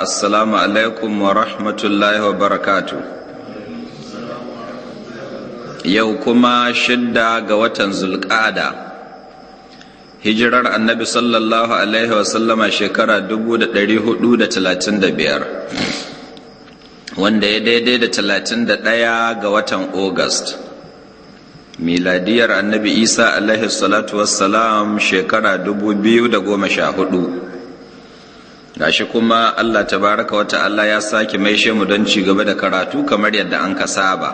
Assalamu alaikum wa rahmatullahi wa barakatu. Yau kuma shidda ga watan zulƙada. Hijirar annabi sallallahu Alaihi wasallama shekara biyar. wanda ya daidai da 31 ga watan august Miladiyar annabi Isa Alaihi salatu wassalam shekara 2014. gashi kuma Allah ta baraka wata Allah ya sake maishe mu don ci gaba da karatu kamar yadda an ka saba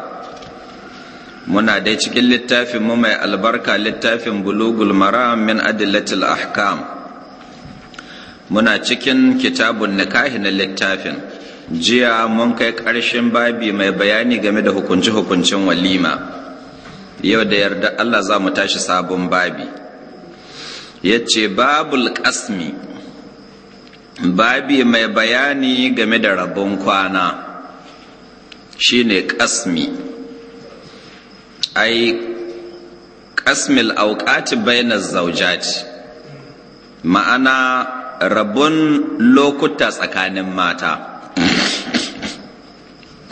muna dai cikin littafin mu mai albarka littafin bulugul maram min adillatil ahkam muna cikin kitabun nikahi na littafin jiya mun kai ƙarshen babi mai bayani game da hukunce hukuncin walima yau da yarda Allah za mu tashi sabon babi yace babul qasmi babi mai bayani game da rabon kwana shine kasmi ai kasmil auqati baina zaujaci ma'ana rabon lokuta tsakanin mata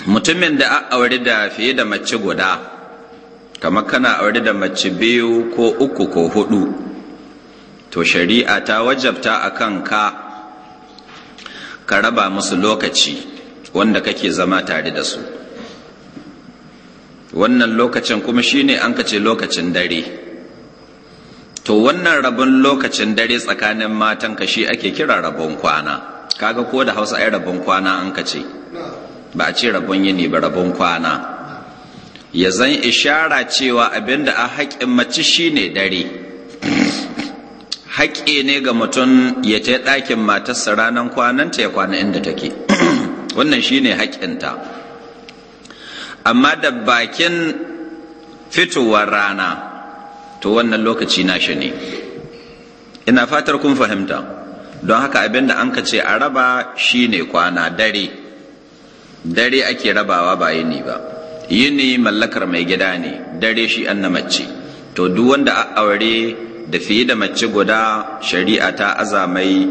mutumin da a aure da fiye da mace guda kamar kana aure da mace biyu ko uku ko hudu to shari'a ta wajabta a kanka ka ka raba musu lokaci wanda kake zama tare da su wannan lokacin kuma shine an ce lokacin dare to wannan rabon lokacin dare tsakanin matan ka shi ake kira rabon kwana kaga ko da hausa ai rabon kwana an ce. ba a ce rabon yini ba rabon kwana ya zan ishara cewa abinda a haƙƙin mace shine dare haƙƙi ne ga mutum ya ta ɗakin matarsa ranar kwananta ya kwana inda take wannan shi ne haƙƙinta amma da bakin fitowar rana to wannan lokaci nashi ne ina fatar kun fahimta don haka abin da an ka ce a raba shi ne kwana dare dare ake rabawa ba yini ba yini mallakar mai gida ne dare shi an na mace to duk wanda a aure da fiye da mace guda shari'a ta aza mai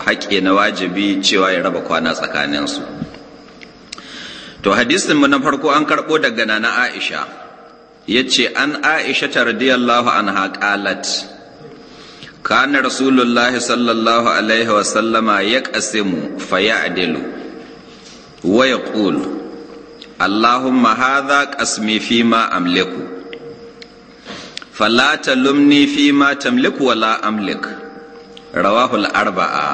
haƙƙi na wajibi cewa ya raba kwana tsakaninsu to hadisinmu na farko an karɓo daga nana aisha ya ce an aisha ta radiyallahu an haƙalat. kana rasulullah sallallahu alaihi wasallama ya ƙasimu fa ya adilu wa ya allahumma hadha ƙasmi fi ma amliku fala talumni fi ma tamlik wala amlik rawahul arba'a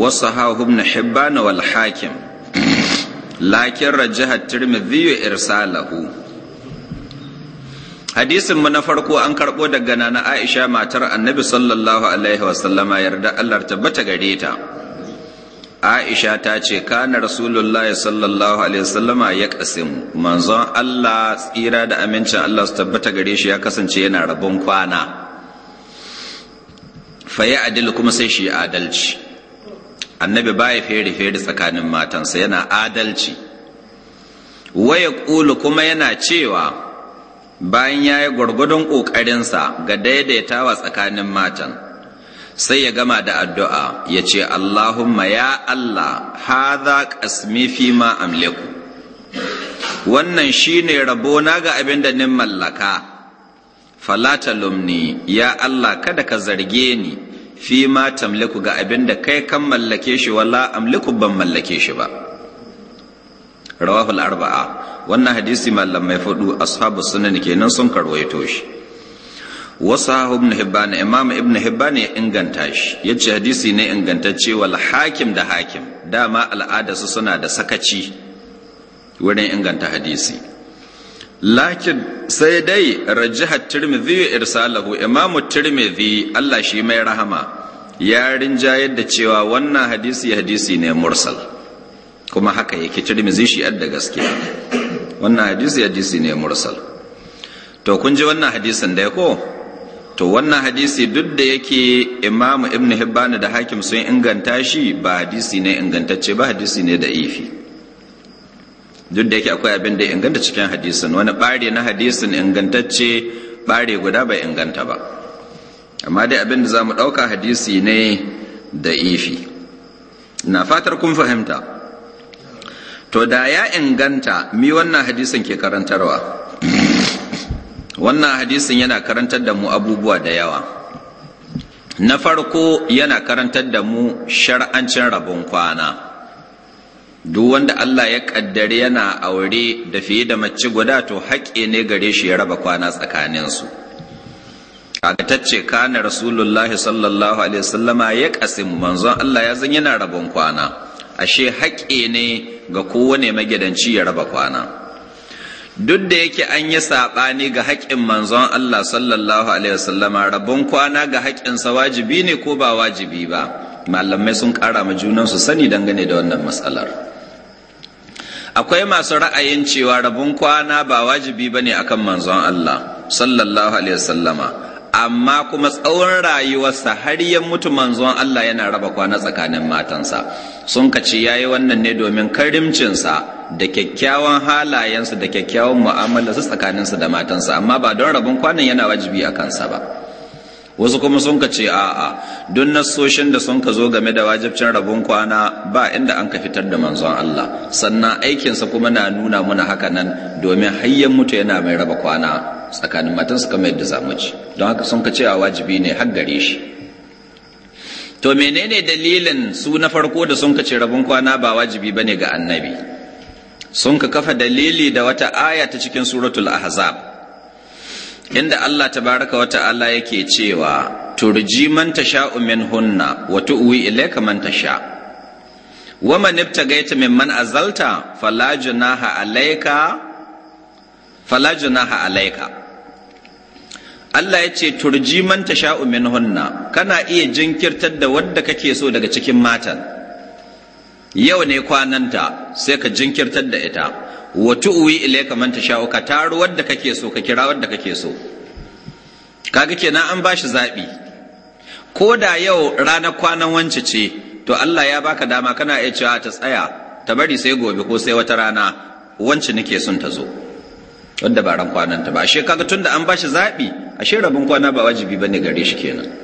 وصححه ابن حبان والحاكم لكن رجح الترمذي ارساله hadisin mu na farko an karɓo daga nana Aisha matar Annabi sallallahu alaihi wasallama yarda Allah tabbata gare ta aisha ta ce kana rasulullahi sallallahu alaihi wasallama ya kasimu manzon allah tsira da amincin allah su tabbata gare shi ya kasance yana rabon kwana faye adil kuma sai shi adalci annabi baya fere feri tsakanin matansa yana adalci waya kulu kuma yana cewa bayan ya yi gwargwadon ƙoƙarinsa ga daidaitawa tsakanin matan sai ya gama da addu'a ya ce Allahumma ya Allah ha za ƙasmi fi ma amliku wannan shi ne rabona ga abin da nin mallaka falata lumni ya Allah kada ka zarge ni fi ma tamliku ga abin da kai kan mallake shi wala amliku ban mallake shi ba rawahul arba'a wannan hadisi mai fudu ashabu sunan kenan sun karwaito shi wasu ibn hibbani imam ibn hibbani ya inganta shi yace hadisi ne ingantacce wal hakim da hakim dama al'ada su suna da sakaci wurin inganta hadisi lakin sai dai rajiha tirmidhi irsalahu imam tirmidhi Allah shi mai rahama ya rinja da cewa wannan hadisi hadisi ne mursal kuma haka yake tirmidhi shi da gaskiya wannan hadisi hadisi ne mursal to kun ji wannan hadisin da ko to wannan hadisi duk da yake imamu ibn hibbani da hakim sun inganta shi ba hadisi ne ingantacce ba hadisi ne da ifi duk da yake akwai abin da inganta cikin hadisin wani bare na hadisin ingantacce bare guda bai inganta ba amma dai abin da za mu ɗauka hadisi ne da ifi na fatar kun fahimta to da ya inganta mi wannan hadisin ke karantarwa wannan hadisin yana karantar da mu abubuwa da yawa na farko yana karantar da mu shar'ancin rabon kwana duk wanda Allah ya kaddare yana aure da fiye da mace guda to haƙƙi ne gare shi ya raba kwana tsakaninsu kaga kana rasulullahi sallallahu alaihi wasallama ya kasimu manzon Allah ya zan yana rabon kwana ashe haƙƙi ne ga kowane magidanci ya raba kwana duk da yake an yi saɓani ga haƙƙin manzon Allah sallallahu alaihi wasallama rabon kwana ga haƙƙinsa wajibi ne ko ba wajibi ba malamai sun ƙara ma junansu sani dangane da wannan matsalar akwai masu ra'ayin cewa rabon kwana ba wajibi ba ne akan manzon Allah sallallahu alaihi wasallama amma kuma tsawon rayuwarsa har ya mutu manzon Allah yana raba kwana tsakanin matansa sun kaci yayi wannan ne domin karimcinsa da kyakkyawan halayensu da kyakkyawan mu'amala su tsakaninsu da matansa amma ba don rabin kwanan yana wajibi a kansa ba wasu kuma sun ka ce a'a don nassoshin da sun ka zo game da wajibcin rabin kwana ba inda an ka fitar da manzon Allah sannan aikinsa kuma na nuna muna haka nan domin hayyan mutu yana mai raba kwana tsakanin matansa kamar yadda zamu ci don haka sun ka ce a wajibi ne har gare shi to menene dalilin su na farko da sun ka ce rabin kwana ba wajibi bane ga annabi sun ka kafa dalili da wata aya ta cikin suratul ahzab inda Allah tabaraka wa ta'ala yake cewa turji man tasha'u hunna wa tu'wi ilayka man tasha wa man ibtagaita mimman azalta fala junaha alayka fala alayka Allah yace turji man tasha'u hunna, kana iya jinkirtar da wadda kake so daga cikin matan yau ne kwananta sai ka jinkirtar da ita wa tu'wi kamar ta sha'uka, ka taru wadda kake so ka kira wadda kake so kaga kenan an bashi zabi ko da yau ranar kwanan wance ce to Allah ya baka dama kana iya cewa ta tsaya ta bari sai gobe ko sai wata rana wance nake son ta zo wanda ba ran kwananta ba ashe kaga tunda an bashi zaɓi, ashe rabin kwana ba wajibi bane gare shi kenan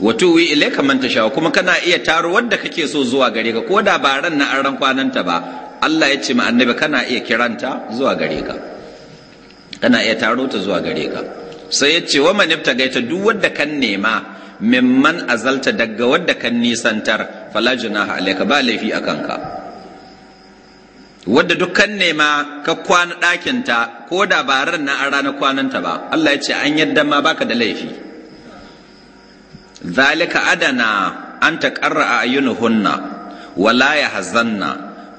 wato wi ile ka manta shawa kuma kana iya taro wanda kake so zuwa gare ka ko da ba ran na an ran kwananta ba Allah ya ce ma annabi kana iya kiranta zuwa gare ka kana iya taro ta zuwa gare ka sai ya ce wa manifta gaita duk wanda kan nema mimman azalta daga wanda kan nisantar fala junaha alayka ba laifi akan ka wadda dukkan nema ka kwana ɗakinta ko da ba ran na an kwananta ba Allah ya ce an yadda ma baka da laifi zalika adana an taqarra ayunuhunna wala yahzanna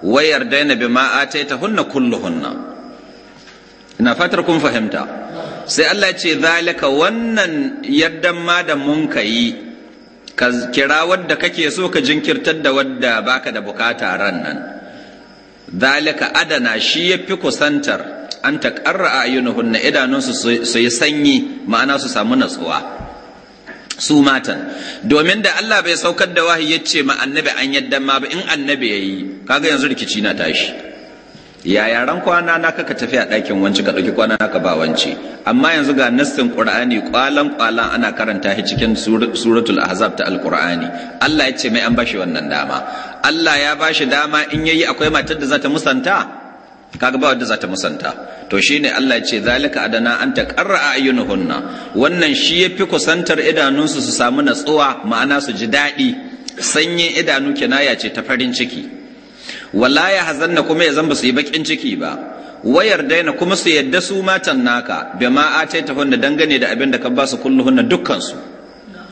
wa yardaina bima ataitahunna kulluhunna ina fatar kun fahimta sai Allah ce zalika wannan yaddan ma da mun yi, ka kira wadda kake so ka jinkirtar da wadda baka da bukata ran nan zalika adana shi yafi kusantar an taƙarra a ayyunuhunna idanunsu su yi sanyi ma'ana su samu natsuwa su matan domin da Allah bai saukar da wahayi ya ma annabi an yadda ma ba in annabi ya yi kaga yanzu rikici na tashi ya yaran kwana na kaka tafi a ɗakin wance ka ɗauki kwana ka ba wance amma yanzu ga nassin qur'ani kwalan kwalan ana karanta shi cikin suratul ahzab ta alqur'ani Allah ya ce mai an bashi wannan dama Allah ya bashi dama in yayi akwai matar da za ta musanta kaga ba wanda za ta musanta to shine Allah ya ce zalika adana an ayyuna ayyunuhunna wannan shi ya fi kusantar idanunsu su samu natsuwa ma'ana su ji daɗi sanyin idanu kinaya ce ta farin ciki wala ya hazanna kuma ya zamba su yi bakin ciki ba wayar daina kuma su yadda su matan naka ma bima ta hunna dangane da abin da ka ba su kulluhunna dukkan su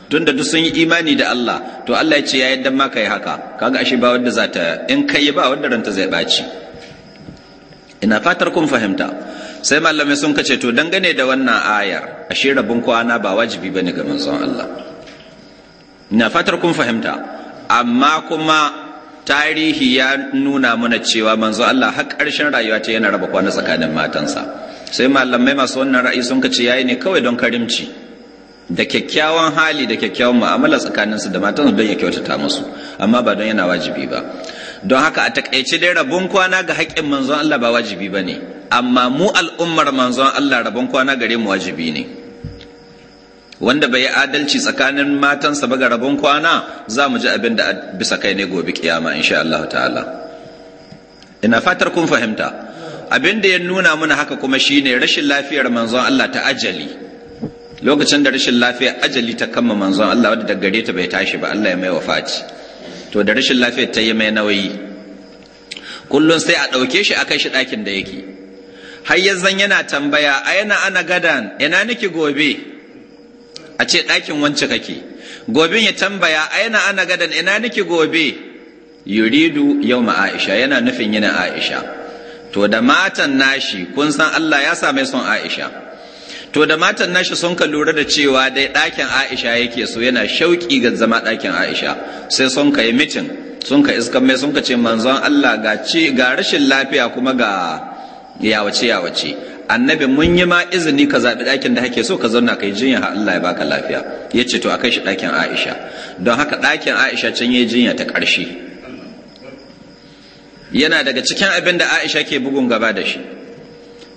tunda duk sun yi imani da Allah to Allah ya ce ya yadda ma kai haka kaga ashe ba wanda za ta in kai ba wanda ranta zai baci ina fatar kun fahimta sai malamai sun kace to dangane da wannan ayar ashe rabin kwana ba wajibi bane ga manzon Allah ina fatar kun fahimta amma kuma tarihi ya nuna mana cewa manzon Allah har karshen rayuwa ta yana raba kwana tsakanin matansa sai malamai masu wannan ra'ayi sun kace yayi ne kawai don karimci da kyakkyawan hali da kyakkyawan mu'amala tsakaninsu da matansu don ya kyautata musu amma ba don yana wajibi ba don haka a takaice dai rabon kwana ga haƙƙin manzon Allah ba wajibi ba ne amma mu al'ummar manzon Allah rabon kwana gare mu wajibi ne wanda bai adalci tsakanin matansa ba ga rabon kwana za mu ji abin da bisa kai ne gobe kiyama insha Allah ta'ala ina fatar kun fahimta abin da ya nuna mana haka kuma shine rashin lafiyar manzon Allah ta ajali lokacin da rashin lafiyar ajali ta kama manzon Allah wadda da gare ta bai tashi ba Allah ya mai wafaci to da rashin lafiyar ta yi mai nauyi kullum sai a ɗauke shi a kai shi ɗakin da yake har yanzan yana tambaya a yana ana gadan ina niki gobe a ce ɗakin wance kake gobin ya tambaya a yana ana gadan ina niki gobe yuridu yau ma aisha yana nufin yana aisha to da matan nashi kun san allah ya same son aisha to da matan nashi sun ka lura da cewa dai ɗakin aisha yake so yana shauƙi ga zama ɗakin aisha sai sun ka yi mitin sun ka iskan mai sun ka ce manzon allah ga ci ga rashin lafiya kuma ga yawace yawace annabi mun yi ma izini ka zaɓi ɗakin da kake so ka zauna kai jinya har allah ya baka lafiya ya ce to a kai shi ɗakin aisha don haka ɗakin aisha can ya jinya ta ƙarshe yana daga cikin abin da aisha ke bugun gaba da shi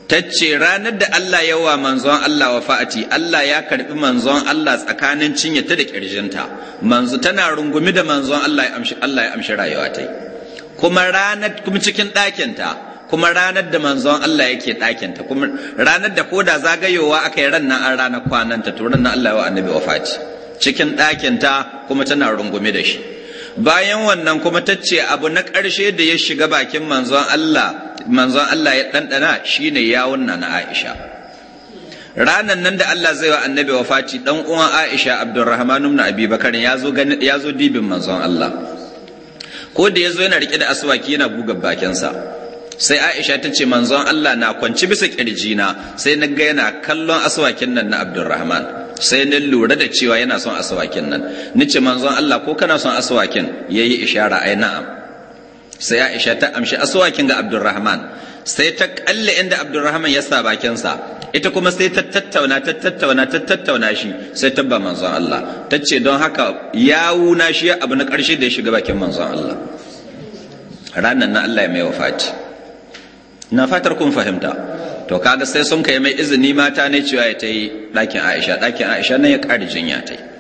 Ta ce ranar da Allah yawa manzon Allah wa fa'ati Allah ya karbi manzon Allah tsakanin cinye ta da kirjinta manzu tana rungumi da manzon Allah ya amshi Allah ya amshi rayuwa ta kuma ranar kuma cikin ɗakin ta kuma ranar da manzon Allah yake ɗakin ta kuma ranar da koda zagayowa aka yi ran nan an ranar kwanan ta to ran nan Allah ya wa annabi fa'ati cikin ɗakin ta kuma tana rungumi da shi bayan wannan kuma ta ce abu na ƙarshe da ya shiga bakin manzon Allah manzon Allah ya ɗanɗana shine yawon na na Aisha ranan nan da Allah zai wa annabi wafati ɗan uwan Aisha abdulrahman ibn Abi Bakar ya zo dibin manzon Allah ko da ya zo yana riƙe da aswaki yana buga bakinsa sai Aisha ta ce manzon Allah na kwanci bisa na sai na ga yana kallon asuwakin nan na Abdulrahman, sai na lura da cewa yana son asuwakin nan ce manzon Allah ko kana son ya yayi ishara ai na'am sai Aisha ta amshi aswakin ga Abdurrahman sai ta kalle inda Abdurrahman ya sa bakinsa ita kuma sai ta tattauna ta tattauna ta tattauna shi sai ta ba manzon Allah ta ce don haka yawu na shi abu na karshe da ya shiga bakin manzon Allah ranan na Allah ya mai wafati na fatar kun fahimta to kaga sai sun kai mai izini mata ne cewa ya ta yi ɗakin aisha ɗakin aisha nan ya ƙari jinya ta yi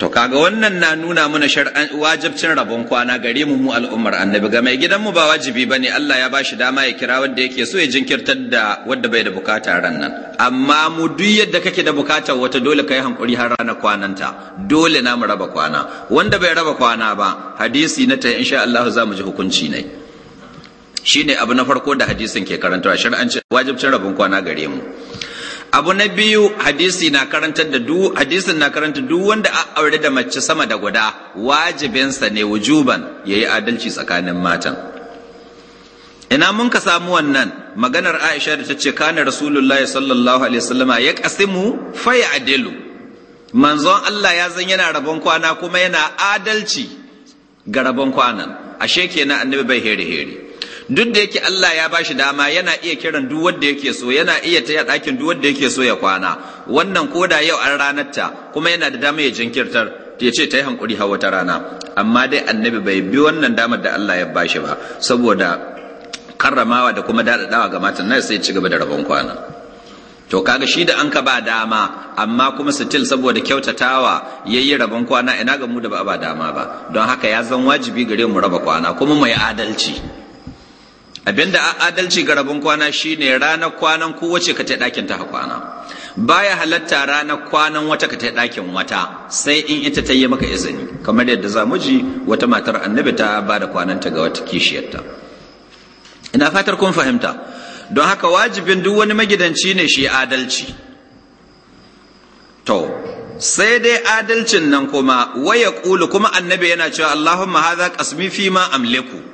to kaga wannan na nuna mana shar'an wajibcin rabon kwana gare mu mu al'ummar annabi ga mai gidan mu ba wajibi bane Allah ya bashi dama ya kira wanda yake so ya jinkirtar da wanda bai da bukata ran nan amma mu duk yadda kake da bukata wata dole kai hankuri har ranar kwananta dole na mu raba kwana wanda bai raba kwana ba hadisi na ta insha Allah za mu ji hukunci ne shine abu na farko da hadisin ke karantawa shar'an wajibcin rabon kwana gare mu abu na biyu hadisi na karantar da duk hadisin na karantar duk wanda a aure da mace sama da guda wajibinsa ne wujuban yayi adalci tsakanin matan ina mun ka samu wannan maganar Aisha da ta ce kana Rasulullahi sallallahu alaihi wasallama ya qasimu fa ya'dilu manzon Allah ya zan yana rabon kwana kuma yana adalci ga rabon kwanan ashe kenan annabi bai here here duk da yake Allah ya bashi dama yana iya kiran duk wanda yake so yana iya taya ɗakin duk wanda yake so ya kwana wannan koda yau an ranarta kuma yana da dama ya jinkirtar ya ce ta yi hankuri har ta rana amma dai annabi bai bi wannan damar da Allah ya bashi ba saboda karramawa da kuma daɗaɗawa ga matan nan sai ci gaba da rabon kwana to kaga shi da an ka ba dama amma kuma sitil saboda kyautatawa yayi rabon kwana ina ga mu da ba ba dama ba don haka ya zan wajibi gare mu raba kwana kuma mai adalci abinda adalci ga rabin kwana shine ranar kwanan kowace ka ɗakin ta kwana baya halatta ranar kwanan wata ka ɗakin wata sai in ita ta yi maka izini kamar yadda za mu ji wata matar annabi ta ba da kwananta ga wata kishiyarta ina fatar kun fahimta don haka wajibin duk wani magidanci ne shi adalci to sai dai adalcin nan kuma waya kulu kuma annabi yana cewa Allahumma hadha qasmi fi ma amliku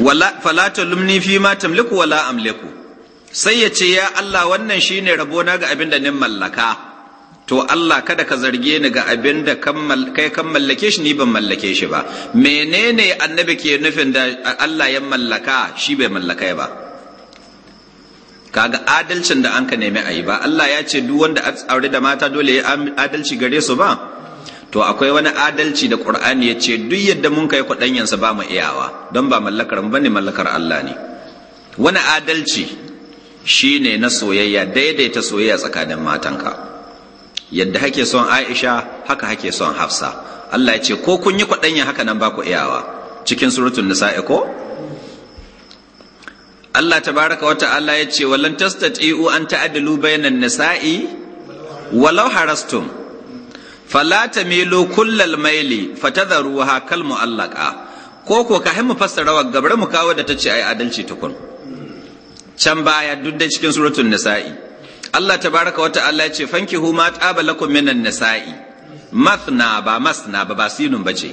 wala fala lumni fi ma tamliku wala amliku sai ya ce ya Allah wannan shi ne rabona ga abin da nin mallaka to Allah kada ka zarge ni ga abin da kai kan mallake shi ni ban mallake shi ba menene annabi ke nufin da Allah ya mallaka shi bai mallakai ba kaga adalcin da an ka nemi a yi ba Allah ya ce duk wanda aure da mata dole ya adalci gare su ba to akwai wani adalci da qur'ani ya ce duk yadda mun kai kwaɗanyansa ba mu iyawa don ba mallakar mu bane mallakar Allah ne wani adalci shine na soyayya daidaita soyayya tsakanin matanka yadda hake son Aisha haka hake son Hafsa Allah ya ce ko kun yi kwaɗanya haka nan ba ku iyawa cikin suratul nisa'i ko Allah tabaraka wa ta'ala ya ce walan tastati'u an ta'dilu bainan nisa'i walau harastum fala milo kullal maili fatadharuha kal mu'allaqa ko ko ka mu fassara rawa gabar mu kawo da ta ce ai adalci tukun can baya duk da cikin suratul nisa'i Allah tabaraka wa ta'ala ya ce fanki ma taba lakum minan nisa'i masna ba masna ba basinun bace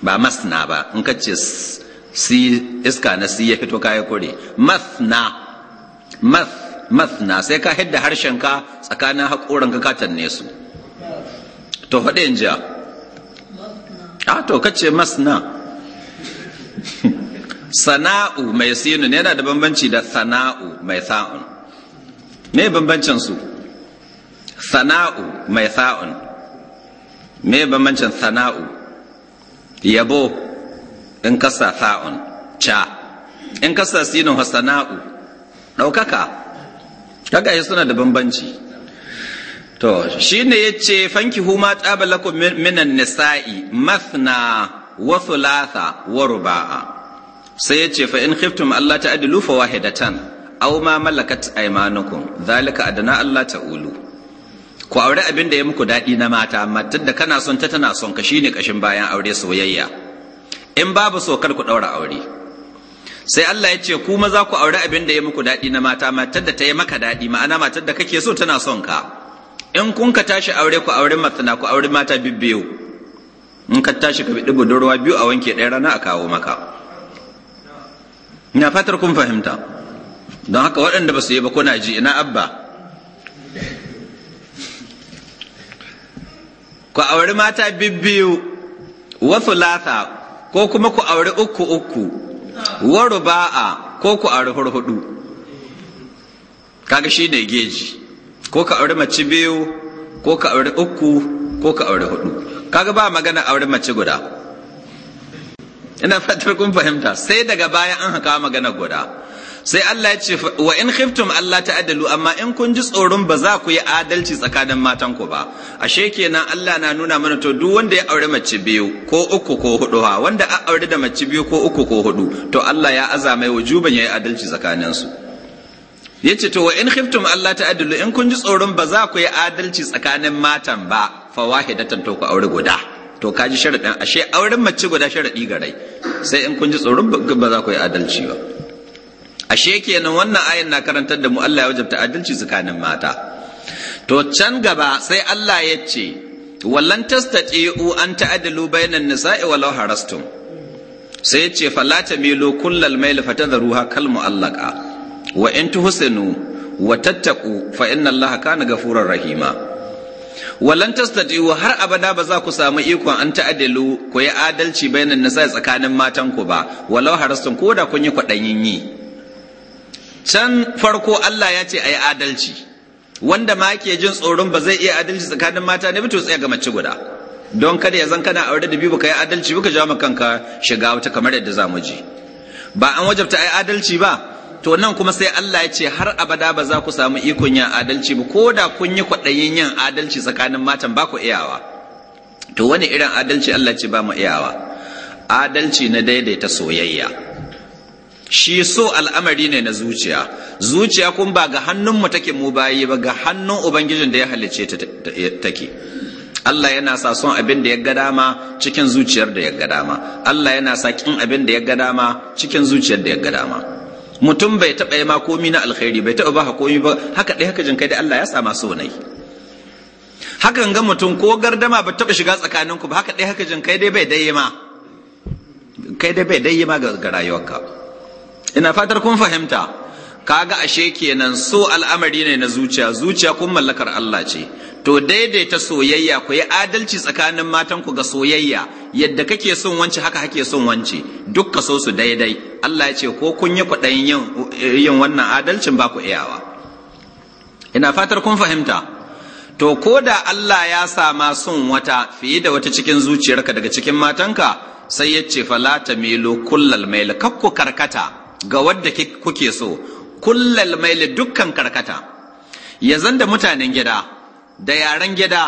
ba masna ba in ka ce si iska na si ya fito kaya kore masna Mas sai ka hidda harshen ka tsakanin haƙoranka ka tanne su to faɗi in jiya a to kace masna sana'u mai sinu ne yana da bambanci da sana'u mai sa'un me bambancin su sana'u mai sa'un me bambancin sana'u yabo in kasa sa'un ca in kasa ha sana'u ɗaukaka kaga suna da bambanci to ya yace fanki huma tsaba minan nisa'i mathna wa thulatha wa ruba'a sai yace fa in khiftum alla ta'dilu fa wahidatan au ma malakat aymanukum zalika adana ta ulu ku aure abin da ya muku daɗi na mata matar da kana son ta tana son ka shine ƙashin bayan aure soyayya in babu so kar ku ɗaura aure sai Allah ya ce ku maza ku aure abin da ya muku daɗi na mata matar da ta yi maka daɗi ma'ana matar da kake so tana son ka in kun ka tashi aure ku aure matsana ku aure mata bibbiyo in ka tashi ka biɗi budurwa biyu a wanke ɗaya rana a kawo maka ina fatar kun fahimta don haka waɗanda ba su yi ba kuna ji ina abba ku aure mata bibbiyo wa lasa ko kuma ku aure uku uku wa ruba'a ko ku auri hurhudu kaga shine geji ko ka aure mace biyu ko ka aure uku ko ka aure hudu kaga ba magana aure mace guda ina fatar kun fahimta sai daga baya an haka magana guda sai Allah ya ce wa in khiftum Allah ta'adalu amma in kun ji tsoron ba za ku yi adalci tsakanin matan ku ba ashe kenan Allah na nuna mana to duk wanda ya aure mace biyu ko uku ko hudu ha wanda a aure da mace biyu ko uku ko hudu to Allah ya azama mai wujuban yayi adalci tsakanin su yace to wa in khiftum Allah adilu in kun ji tsoron ba za ku yi adalci tsakanin matan ba fa wahidatan to ku aure guda to kaji sharadin ashe auren mace guda sharadi garai sai in kun ji tsoron ba za ku yi adalci ba ashe kenan wannan ayin na karantar da mu Allah ya wajabta adalci tsakanin mata to can gaba sai Allah ya ce wallan tastati'u an ta'dilu bainan nisa'i law harastum sai ya ce fala tamilu kullal mail fatadruha kalmu allaka wa in tuhsinu wa tattaku fa inna allaha kana gafurar rahima walan wa har abada ba za ku samu ikon an ta'adalu ku yi adalci bainan nisa tsakanin matan ku ba walau harastun ko da kun yi kwaɗayin yi can farko Allah ya ce ayi adalci wanda ma ke jin tsoron ba zai iya adalci tsakanin mata ne to tsaya ga mace guda don kada ya zan kana aure da biyu ka yi adalci baka jawo kanka shiga wata kamar yadda zamu ji ba an wajabta ayi adalci ba to nan kuma sai Allah ya ce har abada ba za ku samu ikon yin adalci ba ko da kun yi kwaɗayin yin adalci tsakanin matan ba ku iyawa to wani irin adalci Allah ce ba mu iyawa adalci na daidaita soyayya shi so al'amari ne na zuciya zuciya kun ba ga hannun mu take mu bayi ba ga hannun ubangijin da ya halicce ta take Allah yana sa son abin da ya ga dama cikin zuciyar da ya ga dama Allah yana sa kin abin da ya ga dama cikin zuciyar da ya ga dama mutum bai taɓa yi ma komi na alkhairi bai taɓa ba ha komi ba haka ɗaya haka jin kai da Allah ya sama so nai hakan ga mutum ko gardama ba taɓa shiga tsakaninku ba haka ɗaya haka jin kai dai bai dai ma kai dai bai dai ma ga rayuwarka ina fatar kun fahimta kaga ashe kenan so al'amari ne na zuciya zuciya kun mallakar Allah ce to daidaita soyayya ku yi adalci tsakanin matan ku ga soyayya yadda kake son wance haka hake son wance duk ka so su daidai Allah ya ce ko kun yi kwaɗayin yin wannan adalcin ba ku iyawa ina fatar kun fahimta to ko da Allah ya sama son wata fiye da wata cikin zuciyarka daga cikin matanka sai ya ce falata milo kullal mail kakku karkata ga wadda kuke so kullal maili dukkan karkata ya zanda mutanen gida da yaren gida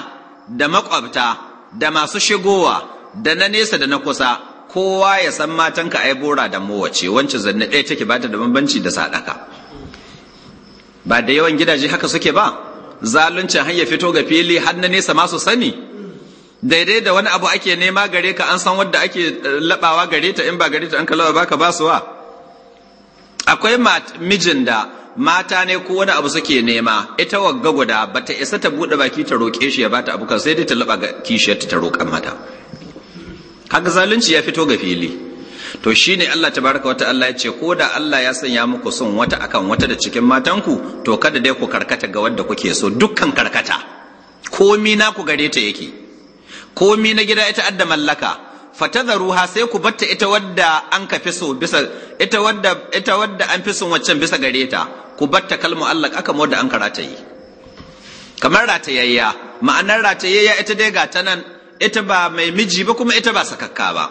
da makwabta da masu shigowa da na nesa da na kusa kowa ya san matanka ai bora da mowace wancan zanne ɗaya take bata da bambanci da sadaka ba da yawan gidaje haka suke ba zaluncin har fito ga fili har na nesa masu sani daidai da wani abu ake nema gare ka an san wadda ake eh, labawa gare ta in ba gare ta an kalawa baka basuwa akwai mijin da mata ne ko wani abu suke nema ita wagga guda ba, ta isa ta bude baki ta roƙe shi ya ba ta abu sai dai ta laba kishiyarta ta roƙan mata haka zalunci ya fito ga fili to shine Allah tabaraka wa ta'ala ya ce ko da Allah ya sanya muku son wata akan wata da cikin matanku to kada dai ku karkata ga wanda kuke so dukkan karkata komi na ku gare ta yake komi na gida ita adda mallaka fatadharuha sai ku batta ita wadda an kafi so bisa ita wadda ita wadda an waccan bisa gare ta ku batta kalmu Allah aka mu da an karata yi kamar ratayayya ma'anar ratayayya ita dai ga ta ita ba mai miji ba kuma ita ba sakakka ba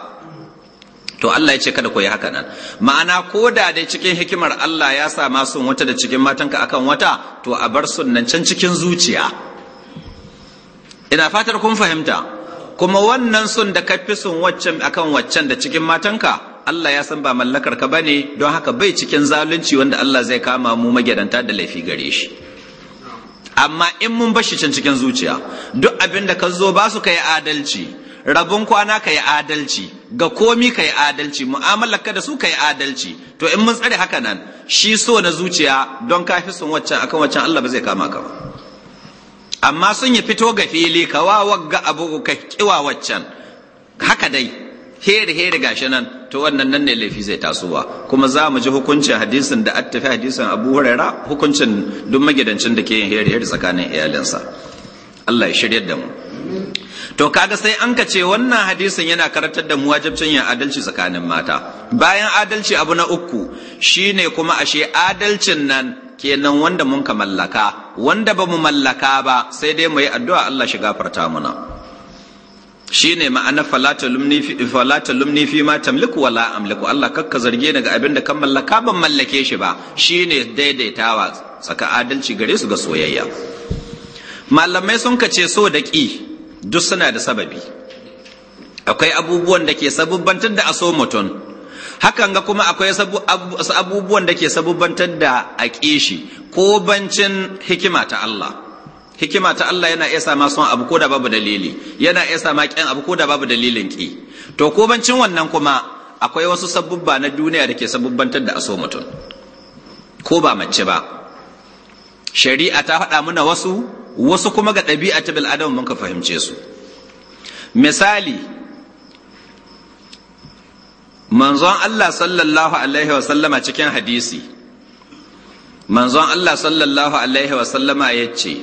to Allah ya ce kada ku yi haka nan ma'ana ko da dai cikin hikimar Allah ya sa ma sun wata da cikin matanka akan wata to a bar sunnan can cikin zuciya ina fatar kun fahimta kuma wannan sun da ka fi sun waccan akan waccan da cikin matanka Allah ya san ba mallakar ka bane don haka bai cikin zalunci wanda Allah zai kama mu magidanta da laifi gare shi amma in mun bashi can cikin zuciya duk abin da ka zo ba su kai adalci rabon kwana kai adalci ga komi kai adalci mu'amalarka da su kai adalci to in mun tsare haka nan shi so na zuciya don ka fi sun waccan akan waccan Allah ba zai kama ka ba amma sun yi fito ga fili ka ga abu ka kiwa waccan haka dai heri heri gashi nan to wannan nan ne laifi zai tasowa kuma za mu ji hukuncin hadisin da attafi hadisin abu huraira hukuncin duk magidancin da ke yin heri heri tsakanin iyalinsa Allah ya shirya da mu to kaga sai an ka ce wannan hadisin yana karantar da mu wajibcin yin adalci tsakanin mata bayan adalci abu na uku shine kuma ashe adalcin nan kenan wanda mun ka mallaka wanda ba mu mallaka ba sai dai mu yi addu'a Allah shi gafarta Shi ne ma'ana falata lumni fi ma tamliku wala amliku Allah kakka zarge ni ga abin da kan mallaka ban mallake shi ba shi ne daidaitawa tsaka adalci gare su ga soyayya malamai sun kace so da ƙi duk suna da sababi akwai abubuwan da ke sabubbantar da aso mutum hakan ga kuma akwai abubuwan da ke sabubantar da a kishi ko bancin hikima ta Allah hikima ta Allah yana iya sa son abu ko da babu dalili yana iya sa ma abu ko da babu dalilin ki to ko bancin wannan kuma akwai wasu sabubba na duniya da ke sabubantar da aso mutum ko ba mace ba shari'a ta faɗa muna wasu wasu kuma ga ɗabi'a ta bil'adam mun ka fahimce su misali manzon Allah sallallahu alaihi wasallama cikin hadisi manzon Allah sallallahu alaihi wasallama ya ce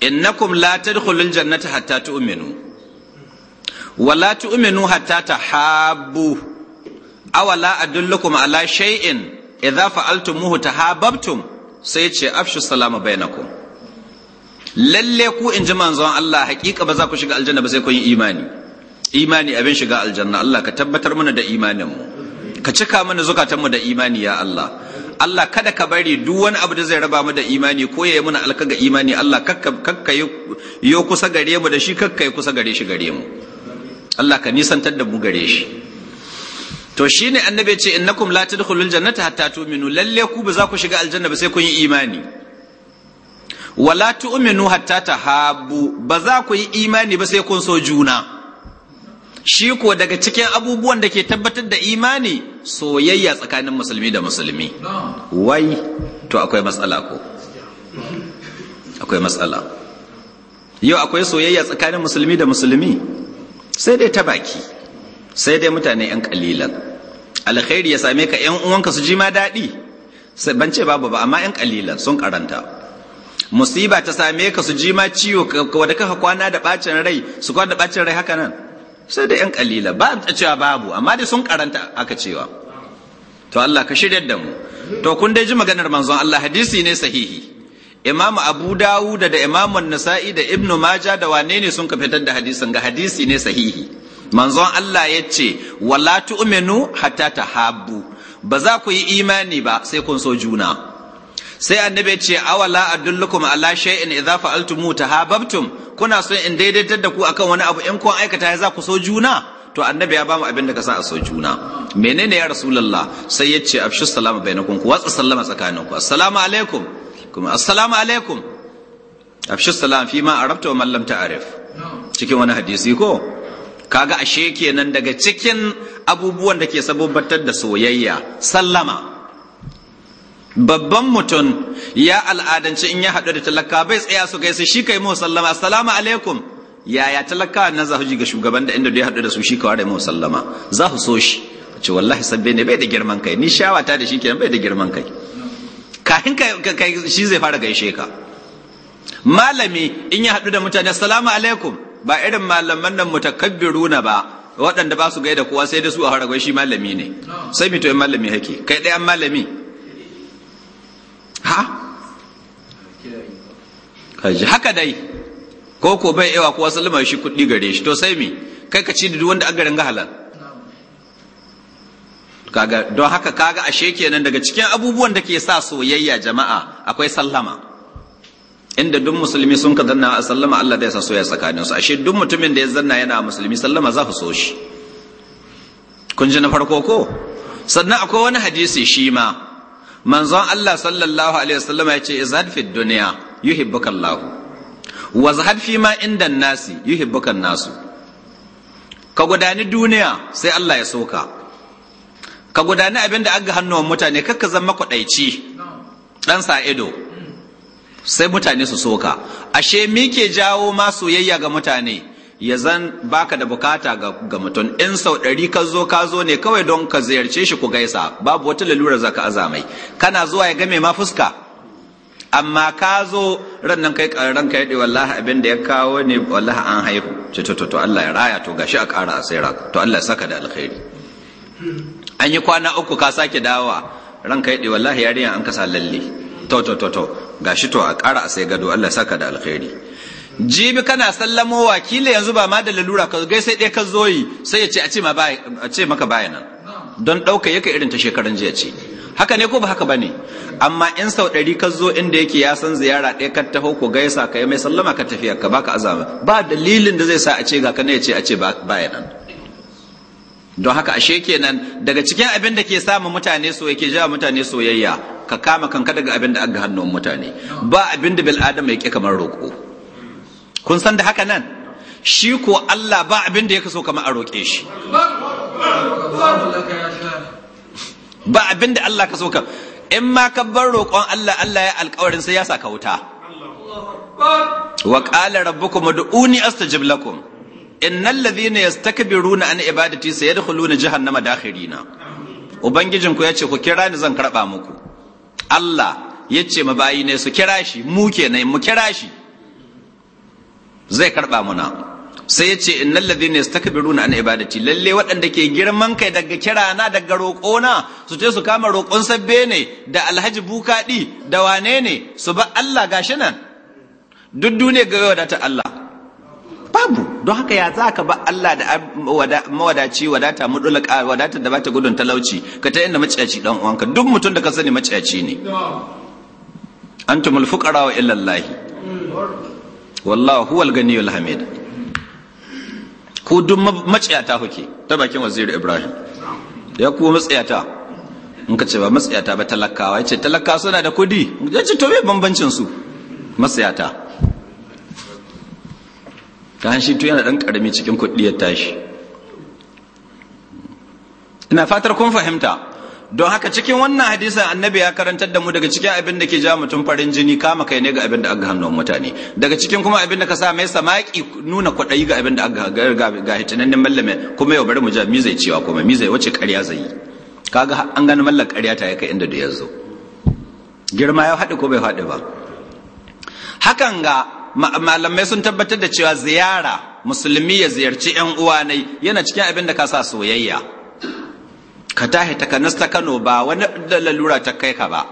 innakum la tadkhulul jannata hatta tu'minu wa la tu'minu hatta tahabbu aw la adullukum ala shay'in idza fa'altumuhu tahabbtum sai ce afshu salama bainakum lalle ku inji manzon Allah hakika ba za ku shiga aljanna ba sai kun yi imani imani abin shiga aljanna Allah ka tabbatar mana da imanin mu ka cika mana zukatan mu da imani ya Allah Allah kada ka bari duk wani abu da zai raba mu da imani ko yayi mana alkaga imani Allah kakka kakka yo kusa gare mu da shi kakka yi kusa gare shi gare mu Allah ka nisantar da mu gare shi to shine annabi ce innakum la tadkhulul jannata hatta tu'minu lalle ku ba za ku shiga aljanna ba sai kun yi imani wala tu'minu hatta tahabu ba za ku yi imani ba sai kun so juna shi ko daga cikin abubuwan da ke tabbatar da imani soyayya tsakanin musulmi da musulmi wai to akwai matsala ko akwai matsala yau akwai soyayya tsakanin musulmi da musulmi sai dai ta baki sai dai mutane yan kalilan alkhairi ya same ka yan uwanka su ji ma daɗi ban ce babu ba amma yan kalilan sun karanta musiba ta same ka su ji ma ciwo wadda kaka kwana da bacin rai su kwana da bacin rai haka nan sai da yan kalila ba a cewa babu amma dai sun karanta aka cewa to Allah ka shirya da mu to kun dai ji maganar manzon Allah hadisi ne sahihi Imam Abu Dawud da Imam Nasa'i da Ibn Majah da wane ne sun ka fitar da hadisin ga hadisi ne sahihi manzon Allah ya ce wala tu'minu hatta tahabbu ba za ku yi imani ba sai kun so juna sai annabi ce awala adullukum ala shay'in idza fa'altum tahabbtum kuna so in daidaitar da ku akan wani abu in kun aikata za ku so juna to annabi ya bamu abin da ka sa a so juna menene ya rasulullah sai ya ce afshu salama bainakum ku watsa sallama tsakaninku assalamu alaikum kuma assalamu alaikum afshu salam fi ma arabta wa man lam ta'rif cikin wani hadisi ko kaga ashe kenan daga cikin abubuwan da ke sabobatar da soyayya sallama babban mutum ya al'adance in ya haɗu da talaka bai tsaya su su shi kai mu sallama assalamu alaikum yaya talaka na za ji ga shugaban da inda da ya haɗu da su shi kawai mu sallama za su so shi ce wallahi sabbe ne bai da girman kai ni shawata da shi kenan bai da girman kai kafin kai shi zai fara gaishe ka malami in ya haɗu da mutane assalamu alaikum ba irin malaman nan mutakabbiruna ba waɗanda ba su gaida kowa sai da su a haragwai shi malami ne sai mito malami hake kai ɗayan malami ha kaji haka dai ko ko bai yawa ko wasu lamar shi kuɗi gare shi to sai me kai ka ci da duk wanda an garin ga halal kaga don haka kaga ashe kenan daga cikin abubuwan da ke sa soyayya jama'a akwai sallama inda duk musulmi sun ka zanna a sallama Allah zai sa soyayya tsakanin su ashe duk mutumin da ya zanna yana musulmi sallama za ku so shi kun ji na farko ko sannan akwai wani hadisi shi ma manzon Allah sallallahu alaihi wasallam ya ce izhad fi dunya yuhibbuka Allah wa zahad fi ma inda nasi yuhibbuka nasu ka gudani duniya sai Allah ya soka ka gudani abin da aga hannuwan mutane kakka zama kwadaici dan sa ido sai mutane su soka ashe mi ke jawo ma soyayya ga mutane ya zan baka da bukata ga, mutum in sau ɗari ka zo ka zo ne kawai don ka ziyarce shi ku gaisa babu wata lalura za ka azamai kana zuwa ya game ma fuska amma ka zo ran nan kai ran ka da wallahi abin da ya kawo ne wallahi an haihu to to to Allah ya raya to gashi a ƙara a tsira to Allah ya saka da alkhairi an yi kwana uku ka sake dawowa ran ka da wallahi yarinya an kasa lalle to to to to gashi to a ƙara sai gado Allah saka da alkhairi jibi kana sallamo wakili yanzu ba ma da lalura ka gai sai ɗaya ka zoyi sai ya ce a ce maka baya nan don ɗauka yake irin ta shekaran jiya ce haka ne ko ba haka bane amma in sau ɗari ka zo inda yake ya san ziyara ɗaya ka taho ko gaisa ka yi mai sallama ka tafiya ka baka azaba ba dalilin da zai sa a ce ga ka ne ya ce a ce baya nan don haka ashe kenan daga cikin abin da ke samun mutane so yake ja mutane soyayya ka kama kanka daga abin da aga hannun mutane ba abin da bil adam ya kamar roƙo kun san da haka nan shi ko Allah ba abin da ya kaso kamar a roƙe shi ba abin da Allah kaso ka in ma ka bar roƙon Allah Allah ya alƙawarin sai ya saka wuta wa qala rabbukum ud'uni astajib lakum innal ladhina yastakbiruna an ibadati sayadkhuluna jahannama dakhirina ubangijinku ya ce ku kira ni zan karba muku Allah ya ce mabayi ne su kira shi mu kenan mu kira shi zai karba muna sai ya ce innal ladina yastakbiruna an ibadati lalle waɗanda ke girman kai daga kira na daga roƙo na, su ce su kama roƙon sabbe ne da alhaji bukadi da wane ne su ba Allah gashi nan duk duniya ga wadata Allah babu don haka ya za ka ba Allah da mawadaci wadata mudulaka wadata da bata gudun talauci ka ta inda maciyaci dan uwanka duk mutum da ka sani maciyaci ne antumul fuqara wa illallahi hmm. wallahu huwal ganiyul hamid ku duk matsayata kuke ta bakin waziri ibrahim ya ku matsayata in ka ce ba matsayata ba talakawa ya ce talakawa suna da kudi ya ce to me bambancin su matsayata ta shi to yana dan karami cikin kudi ya tashi ina fatar kun fahimta don haka cikin wannan hadisin annabi ya karantar da mu daga cikin abin da ke ja mutum farin jini kama kai ne ga abin da aka hannun mutane daga cikin kuma abin da ka sa mai samaki nuna kwaɗayi ga abin da aka ga hitinannin mallame kuma yau bari mu ja mizai cewa kuma mizai wace ƙarya zai yi kaga an gani mallar ƙarya ta ya kai inda da ya zo girma ya haɗu ko bai haɗu ba hakan ga malamai sun tabbatar da cewa ziyara musulmi ya ziyarci 'yan uwa yana cikin abin da ka sa soyayya ka tahi ta kanas ta Kano ba wani lalura ta kai ka ba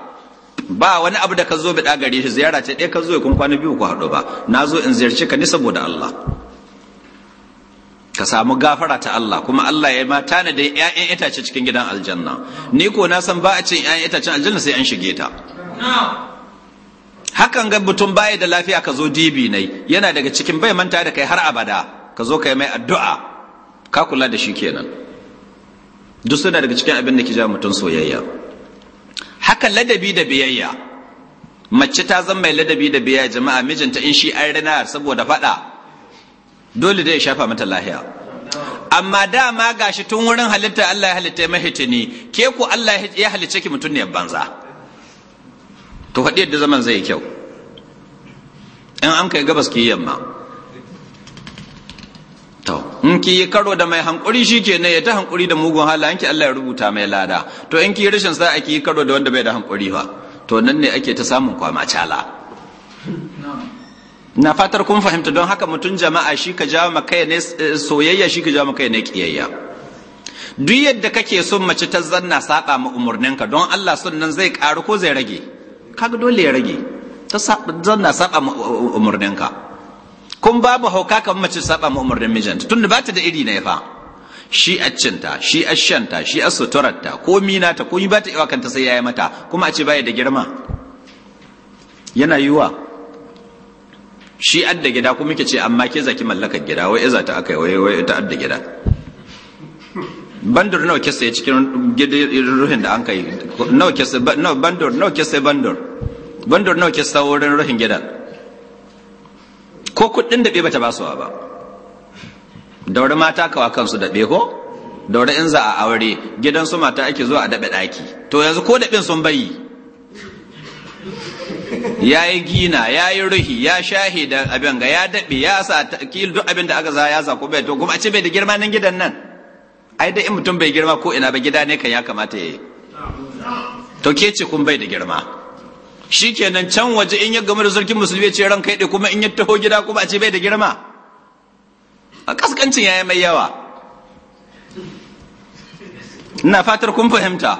ba wani abu da ka zo bida gare shi ziyara ce ɗaya ka zo kun kwana biyu ku haɗu ba na zo in ziyarci ka ni saboda Allah ka samu gafara ta Allah kuma Allah ya ma tana da ƴaƴan itace cikin gidan aljanna ni ko na san ba a cin ƴaƴan itacen aljanna sai an shige ta hakan ga mutum baya da lafiya ka zo dibi nai yana daga cikin bai manta da kai har abada ka zo kai mai addu'a ka kula da shi kenan duk suna daga cikin abin da ke ja mutum soyayya haka ladabi da biyayya mace ta zama mai ladabi da biyayya jama'a mijinta in shi an rana saboda faɗa dole da ya shafa mata lahiya amma da ma gashi tun wurin halitta Allah ya halitta mahitini ke ku Allah ya halicce ki mutum ne banza to faɗi yadda zaman zai yi kyau in an kai gabas ki yamma in ki yi karo da mai hankuri shi ke ne ya ta hankuri da mugun yanki Allah ya rubuta mai lada to in ki yi rashin sa'a ki yi karo da wanda bai da hankuri ba to nan ne ake ta samun kwama cala na fatar kun fahimta don haka mutum jama'a shi ka jawo maka ne eh, soyayya shi ka jawo maka ne kiyayya duk yadda kake son mace ta zanna saba ma umurninka don Allah sunnan zai karu ko zai rage kaga dole ya rage ta zanna saba ma umurninka kun ba mu hauka kan mace saba mu umurnin mijinta tunda ba ta da iri ne fa shi a cinta shi a shanta shi a suturarta ko mina ta ko yi ba ta iwa kanta sai yayi mata kuma a ce baya da girma yana yiwa shi adda gida kuma muke ce amma ke zaki mallakar gida wai iza ta akai wai wai ta adda gida bandur nawa kesa ya cikin ruhin da an kai nawa kesa nawa bandur nawa kesa bandur bandur nawa kesa wurin ruhin gidan ko kuɗin daɓe bata ba suwa ba daure mata kawa kansu daɓe ko daure in za a aure gidansu mata ake zuwa a daɓe ɗaki to yanzu ko daɓin sun bayi ya yi gina ya yi ruhi ya shahi da abin ga ya daɓe ya sa kil duk abin da aka za ya sa bai to kuma a ce bai da girma nan gidan nan ai da in mutum bai girma ko ina ba gida ne kan ya kamata ya yi to ke ce kun bai da girma shikenan can waje in ya gamu da sarkin musulmi ce ran kai kuma in ya taho gida kuma a ce bai da girma a kaskancin yayi mai yawa ina fatar kun fahimta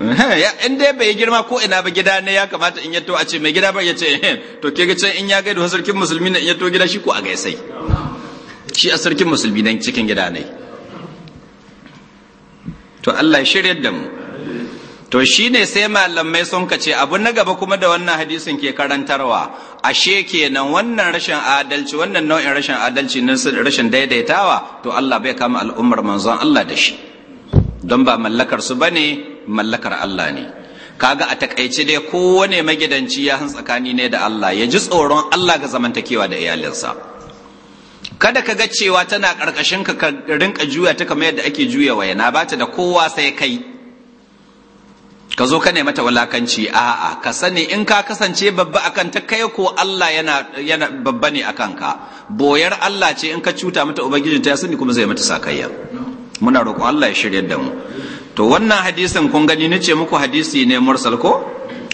in dai bai girma ko ina ba gida ne ya kamata in ya taho a ce mai gida ba ya ce to ke can in ya da sarkin musulmi na in ya taho gida shi ko a gaisai shi a sarkin musulmi dan cikin gida ne to Allah ya shiryar da mu to shi ne sai malamai sun ka ce abu na gaba kuma da wannan hadisin ke karantarwa ashe kenan wannan rashin adalci wannan nau'in rashin adalci na rashin daidaitawa to Allah bai kama al'ummar manzon Allah da shi don ba mallakar su bane mallakar Allah ne kaga a takaice dai kowane magidanci ya san tsakani ne da Allah ya ji tsoron Allah ga zamantakewa da iyalinsa kada ka ga cewa tana karkashin ka rinka juya ta kamar yadda ake juya wayana ba ta da kowa sai kai ka zo ka mata walakanci a'a ka sani in ka kasance babba akan ta kai ko Allah yana yana babba ne akan ka boyar Allah ce in ka cuta mata ubangiji ta sani kuma zai mata sakayya muna roƙo Allah ya shirya da mu to wannan hadisin kun gani nace muku hadisi ne mursal ko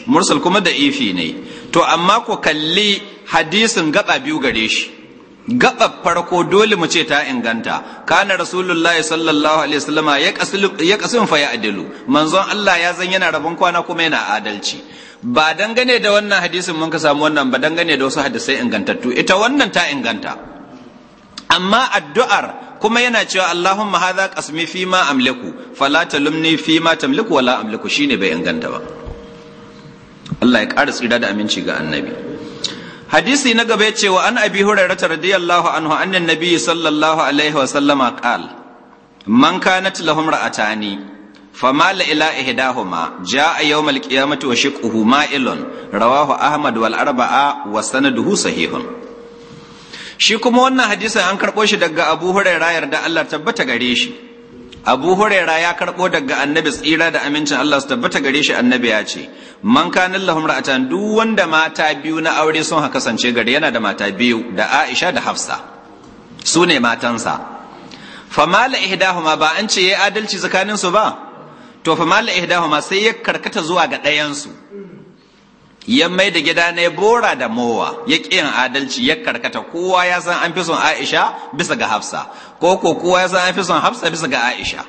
mursal kuma da ifi ne to amma ku kalli hadisin gaba biyu gare shi gaba farko dole mu ce ta inganta kana rasulullahi sallallahu alaihi wasallama ya kasin fa ya adalu manzon Allah ya zan yana rabon kwana kuma yana adalci ba dangane da wannan hadisin mun ka samu wannan ba dangane da wasu hadisai ingantattu ita wannan ta inganta amma addu'ar kuma yana cewa Allahumma hadha qasmi fi ma amliku fala talumni fi ma tamliku wala amliku shine bai inganta ba Allah ya ƙara tsira da aminci ga annabi hadisi na gaba yace wa an abi hurairah radiyallahu anhu annan nabi sallallahu alaihi wa sallama qal man kanat lahum ra'atani فمال إلى إحداهما wa يوم ma'ilun rawahu ahmad wal arba'a wa sanaduhu sahihun shi kuma wannan hadisi an karbo shi daga abu huraira yarda Allah tabbata gare shi abu huraira ya karɓo daga annabi tsira da amincin allah su tabbata gare shi annabi ya ce man kanin lahum ra'atan duk wanda mata biyu na aure sun ha kasance gare yana da mata biyu da aisha da hafsa su ne matansa famala ihdahuma ba an ce yayi adalci su ba to famala ihdahuma sai ya karkata zuwa ga ɗayansu ya mai da gida ne bora da mowa ya yin adalci ya karkata kowa ya san an fi son aisha bisa ga hafsa ko ko kowa ya san an fi son hafsa bisa ga aisha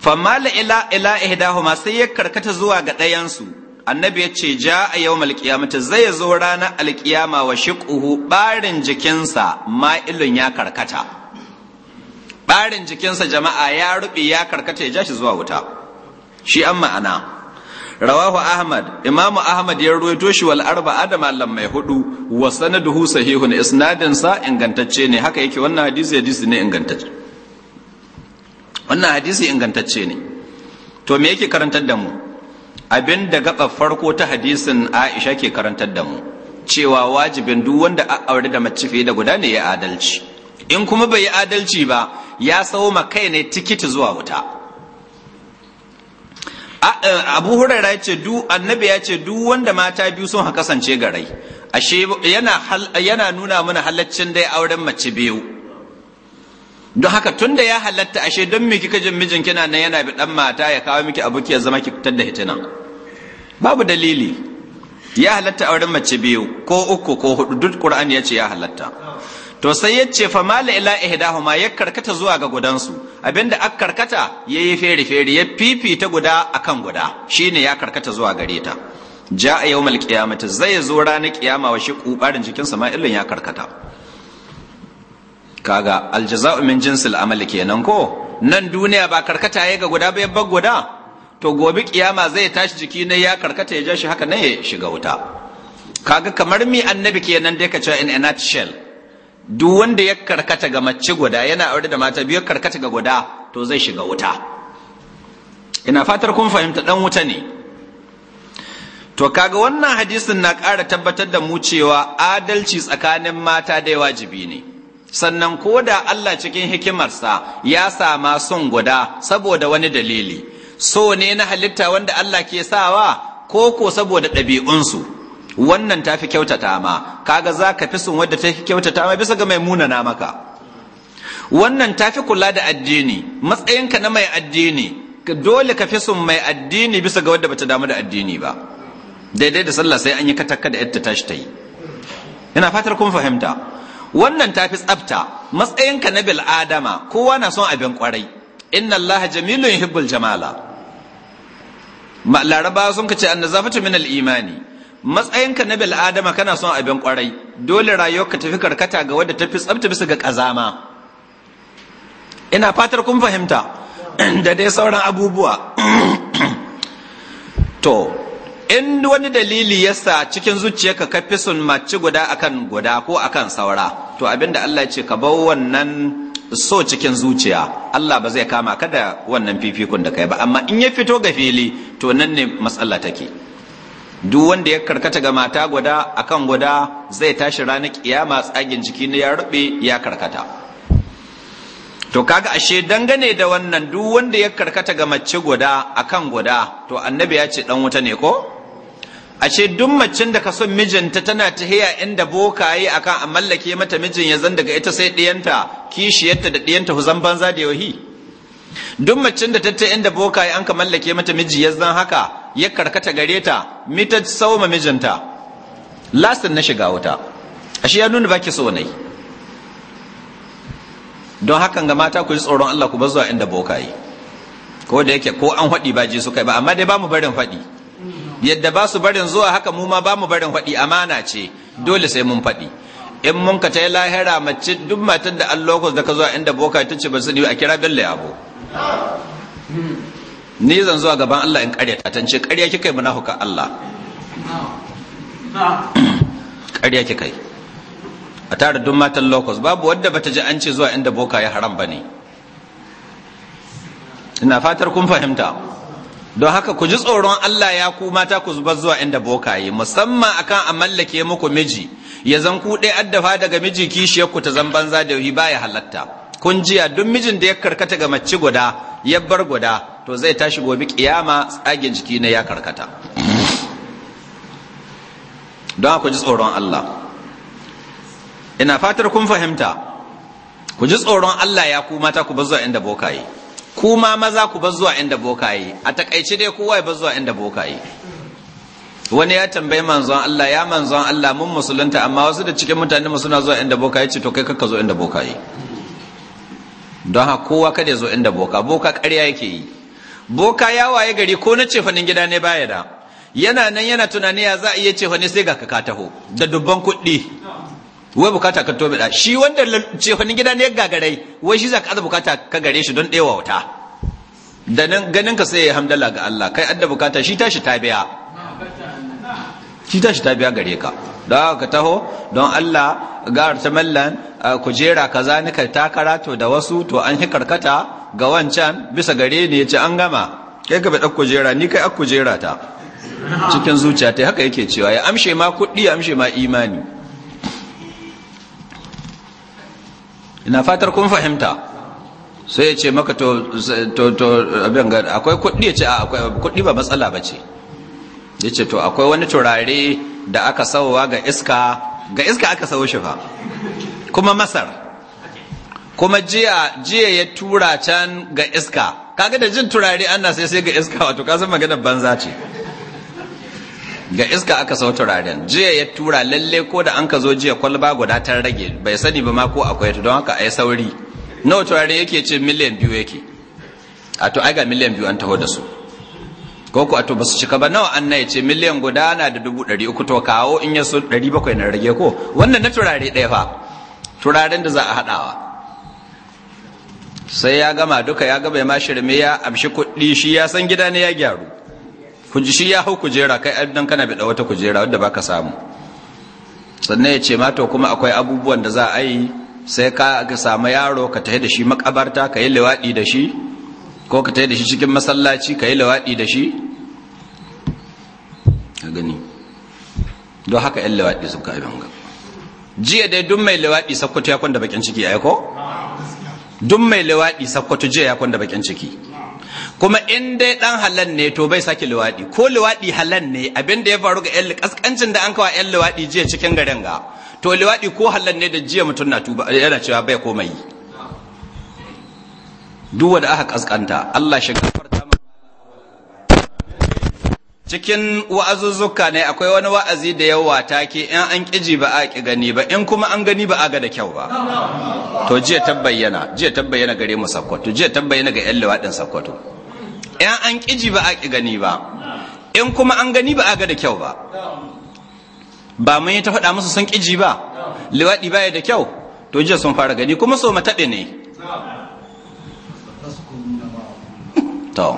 famma la ila ila ihdahuma sai ya karkata zuwa ga ɗayansu annabi ya ce ja a yau malkiyamata zai zo ranar alkiyama wa shiƙuhu ɓarin jikinsa ma'ilun ya karkata ɓarin jikinsa jama'a ya ruɓe ya karkata ya ja shi zuwa wuta shi an ma'ana rawahu ahmad imam ahmad ya ruwaito shi wal arba'a da malam mai hudu wa sanaduhu sahihun isnadin sa ingantacce ne haka yake wannan hadisi hadisi ne ingantacce wannan hadisi ingantacce ne to me yake karantar da mu abin da gaba farko ta hadisin Aisha ke karantar da mu cewa wajibin duk wanda a aure da mace fiye da guda ne ya adalci in kuma bai yi adalci ba ya sawo ma kai ne tikiti zuwa wuta Eh, abu hurara ya ce du annabi ya ce du wanda mata biyu sun ha kasance garai ashe yana yana nuna mana halaccin dai auren mace biyu don haka tunda ya halatta ashe don me kika jin mijin kina nan yana bi dan mata ya kawo miki abuki ya zama ki fitar da hitina babu dalili ya halatta auren mace biyu ko uku ko hudu duk qur'ani ya ce ya halatta to sai ya ce fa mala ila ihdahuma ya karkata zuwa ga gudansu abinda aka karkata yayi feri feri ya fifita guda akan guda shine ya karkata zuwa gare ta a yawmal qiyamati zai zo ranar kiyama wa shi kubarin jikin sama'ilin ya karkata kaga aljaza'u min jinsil amali kenan ko nan duniya ba karkata ya ga guda ba ya bar guda to gobe kiyama zai tashi jiki ne ya karkata ya ja shi haka ne ya shiga wuta kaga kamar mi annabi kenan dai ka ce in a nutshell duk wanda ya karkata ga mace guda yana aure da mata biyu karkata ga guda to zai shiga wuta ina fatar kun fahimta dan wuta ne to kaga wannan hadisin na ƙara tabbatar da mu cewa adalci tsakanin mata da wajibi ne sannan ko da Allah cikin hikimarsa ya sama son guda saboda wani dalili so ne na halitta wanda Allah ke sawa ko ko saboda ɗabi'unsu wannan tafi kyautata ma kaga za ka fi sun wadda ta fi kyautata ma bisa ga mai munana maka wannan tafi kula da addini matsayinka na mai addini dole ka fi sun mai addini bisa ga wadda bata damu da addini ba daidai da sallah sai an yi katakka da yadda tashi ta yi ina fatar kun fahimta wannan tafi tsafta matsayinka na bil adama kowa na son abin kwarai inna allaha jamilun yuhibbul jamala laraba sun kace annazafatu min al imani matsayinka na bil adama kana son abin kwarai dole rayuwarka tafi karkata ga wadda tafi tsabta bisa ga kazama ina fatar kun fahimta da dai sauran abubuwa to in wani dalili ya sa cikin zuciyarka ka kafi sun mace guda akan guda ko akan saura to abinda Allah ya ce ka bar wannan so cikin zuciya Allah ba zai kama ka da wannan fifikon da kai ba amma in ya fito ga fili to nan ne matsala take duk wanda ya karkata ga mata guda akan guda zai tashi ranar kiyama tsagin jiki ne ya rube ya karkata to kaga ashe dangane da wannan duk wanda ya karkata ga mace guda akan guda to annabi ya ce dan wuta ne ko ashe duk macin da ka son mijinta tana tahiya inda yi akan a mallake mata mijin ya zan daga ita sai diyanta kishiyarta da diyanta huzan banza da yohi duk macin da tatta inda yi an ka mallake mata miji ya zan haka ya karkata gare ta mita sauma mijinta lasin na shiga wuta ashe ya nuna baki so ne don hakan ga mata ku ji tsoron Allah ku bar zuwa inda boka yi ko da yake ko an faɗi ba su kai ba amma dai ba mu barin faɗi yadda ba su barin zuwa haka mu ma ba mu barin faɗi amana ce dole sai mun faɗi in mun ka ta lahira mace duk matan da Allah ku da ka zuwa inda boka ta ce ba su a kira bello yabo ni zan zuwa gaban Allah in ƙarya ta tance ƙarya kika yi munafuka Allah ƙarya kika yi a tare dun matan locus babu wadda bata ji an ce zuwa inda boka ya haram bane ina fatar kun fahimta don haka ku ji tsoron Allah ya ku mata ku zubar zuwa inda boka yi musamman akan a mallake muku miji ya zan ku ɗaya addafa daga miji kishiyarku ku ta zan banza da yi baya halatta kun jiya duk mijin da ya karkata ga mace guda ya bar guda to zai tashi gobe kiyama tsagen jiki ne ya karkata don ku ji tsoron Allah ina fatar kun fahimta ku ji tsoron Allah ya ku mata ku zuwa inda bokaye kuma maza ku zuwa inda bokaye a takaice dai kowa ya zuwa inda bokaye wani ya tambayi manzon Allah ya manzon Allah mun musulunta amma wasu da cikin mutane mu suna zuwa inda bokaye ce to kai kakka zo inda bokaye don ha kowa kada ya zo inda boka boka ƙarya yake yi boka ya waye gari ko na cefanin gida ne baya da yana nan yana tunani ya za a iya cefane sai ga kaka taho da dubban kuɗi wai bukata ka tobe da shi wanda cefanin gida ne gagarai wai shi za ka aza bukata ka gare shi don ɗewa wuta da nan ganin ka sai ya hamdala ga Allah kai adda bukata shi tashi ta biya shi tashi ta biya gare ka don ka taho don Allah gar ta mallan kujera kaza nika ta karato da wasu to an hi karkata ga wancan bisa gare ne yace an gama kai ka bi ɗan kujera ni kai ak kujera ta cikin zuciya ta haka yake cewa ya amshe ma kuɗi ya amshe ma imani ina fatar kun fahimta sai ya ce maka to to abin akwai kuɗi ya ce akwai kuɗi ba matsala ba ce ya ce to akwai wani turare da aka sauwa ga iska ga iska aka sau shi fa kuma masar kuma jiya jiya ya tura can ga iska kaga da jin turare ana sai sai ga iska wato ka san magana banza ce ga iska aka sau turaren jiya ya tura lalle ko da an ka zo jiya kwalba guda ta rage bai sani ba ma ko akwai ta don haka ai sauri nawa turare yake ce miliyan biyu yake a to ai ga miliyan biyu an taho da su ko ku ato basu cika ba nawa an ya ce miliyan guda na da dubu ɗari uku to kawo in ya ɗari bakwai na rage ko wannan na turare ɗaya fa turaren da za a haɗawa sai ya gama duka ya gaba ma shirme ya amshi kuɗi shi ya san gida ne ya gyaru kuji shi ya hau kujera kai abin kana biɗa wata kujera wadda baka samu sannan ya ce ma to kuma akwai abubuwan da za a yi sai ka samu yaro ka tafi da shi makabarta ka yi liwaɗi da shi ko ka da shi cikin masallaci ka yi lawaɗi da shi a gani don haka 'yan lawaɗi sun ka abin ga jiya dai dun mai lawaɗi sakkwato ya kwanda bakin ciki ya ko? dun mai lawaɗi sakkwato jiya ya kwanda bakin ciki kuma in dai dan halan ne to bai sake luwaɗi ko luwaɗi halan ne abin da ya faru ga yan kaskancin da an kawa yan luwaɗi jiya cikin garin ga to luwaɗi ko halan ne da jiya mutum na tuba yana cewa bai komai duk wanda aka kaskanta Allah shi gafarta cikin wa'azuzzuka ne akwai wani wa'azi da yawa take in an kiji ba a ki gani ba in kuma an gani ba a ga da kyau ba to jiya tabbayyana jiya tabbayyana gare mu sakkwato jiya tabbayyana ga yan lawadin sakkwato in an kiji ba a ki gani ba in kuma an gani ba a ga da kyau ba ba mun yi ta faɗa musu sun kiji ba liwaɗi baya da kyau to jiya sun fara gani kuma so mataɓe ne to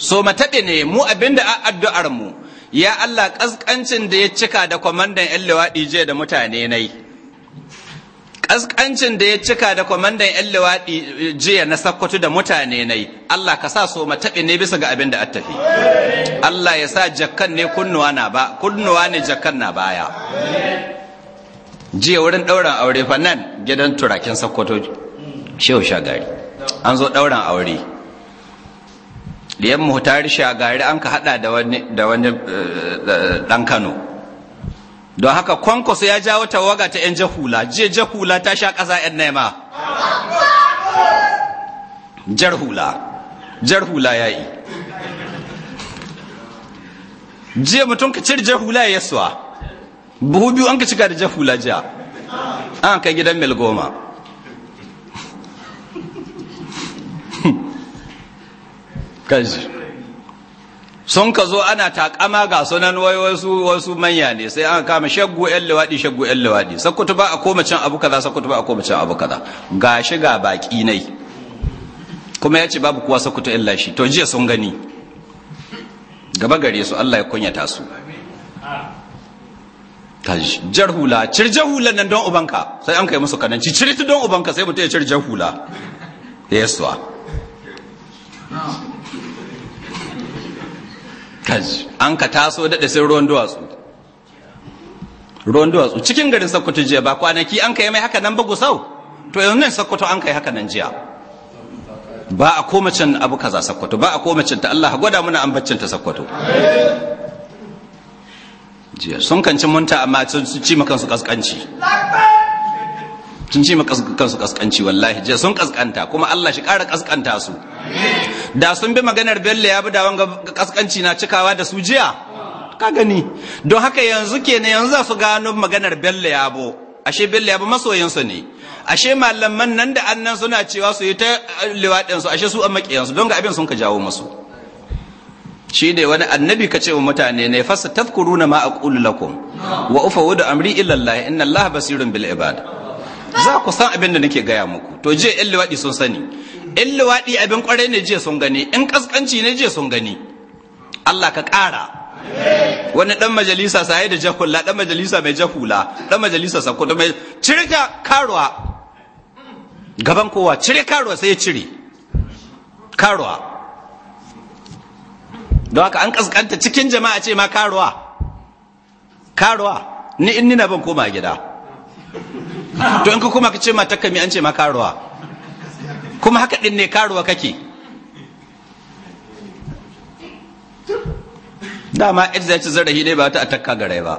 so mataɓe ne mu abinda a addu'ar mu ya Allah ƙasƙancin da ya cika da kwamandan yan lewaɗi je da mutane yi Ƙasƙancin da ya cika da kwamandan yan lewaɗi eh, jiya na sakkwato da mutane yi Allah ka sa so mataɓe ne bisa ga abin da tafi. Allah ya sa jakkan ne kunnuwa na ba kunnuwa ne jakkan na baya jiya wurin ɗauran aure fannan gidan turakin sakkwato shehu shagari an zo ɗauran aure liyan muhtari shagari an ka hada da wani da wani dan eh, eh, Kano don haka kwankwaso ya jawo tawaga ta yan jahula je jahula ta sha ƙasa yan nema jarhula jarhula yayi je mutum ka cire jahula ya yaswa buhu biyu an ka cika da jahula jiya an kai gidan mil goma kaji sun ka zo ana takama ga sunan wai wasu wasu manya ne sai an kama shaggu yan lawadi shaggu yan lawadi sakkutu ba a koma cin abu kaza sakkutu ba a koma cin abu kaza ga shi ga baki nai kuma ya ce babu kuwa sakkutu yan lashi to jiya sun gani gaba gare su Allah ya kunyata su jar hula cirjar hula nan don ubanka sai an kai musu kananci cirita don ubanka sai mutum ya cirjar hula da hajj an ka taso daɗa sai ruwan duwatsu ruwan duwatsu cikin garin Sokoto jiya ba kwanaki an kai mai haka nan ba sau, to yanzu nan Sokoto an kai haka nan jiya ba a koma can abu kaza Sokoto, ba a koma can ta Allah gwada muna an ta sokoto jiya sun kanci munta amma sun ci makansu kaskanci sun ce ma kansu kaskanci wallahi je sun kaskanta kuma Allah shi kara kaskanta su da sun bi maganar Bello ya bi da wanga kaskanci na cikawa da su jiya ka gani don haka yanzu ne yanzu za su gano maganar Bello ya bo ashe Bello ya bo masoyinsu ne ashe malaman nan da annan suna cewa su yi ta eh, liwaɗin su ashe su an maƙiyansu don ga abin sun ka jawo masu. shi ne wani annabi ka ce wa mutane ne fasa na ma aqulu lakum wa ufa ufawudu amri illa inna Allah basirun bil ibad za ku san abin da nake gaya muku to je yan luwaɗi sun sani yan luwaɗi abin kwarai ne je sun gani in ƙasƙanci ne je sun gani Allah ka ƙara wani ɗan majalisa saye da jahula. Ɗan majalisa mai jahula. Ɗan majalisa sako da mai cire karuwa gaban kowa cire karuwa sai ya cire karuwa don haka an ƙasƙanta cikin jama'a ce ma karuwa karuwa ni in nina ban koma gida to in ka kuma ka ce matakka mi an ce ma karuwa kuma haka din ne karuwa kake dama ita zai ci zarafi ne ba ta takka gare ba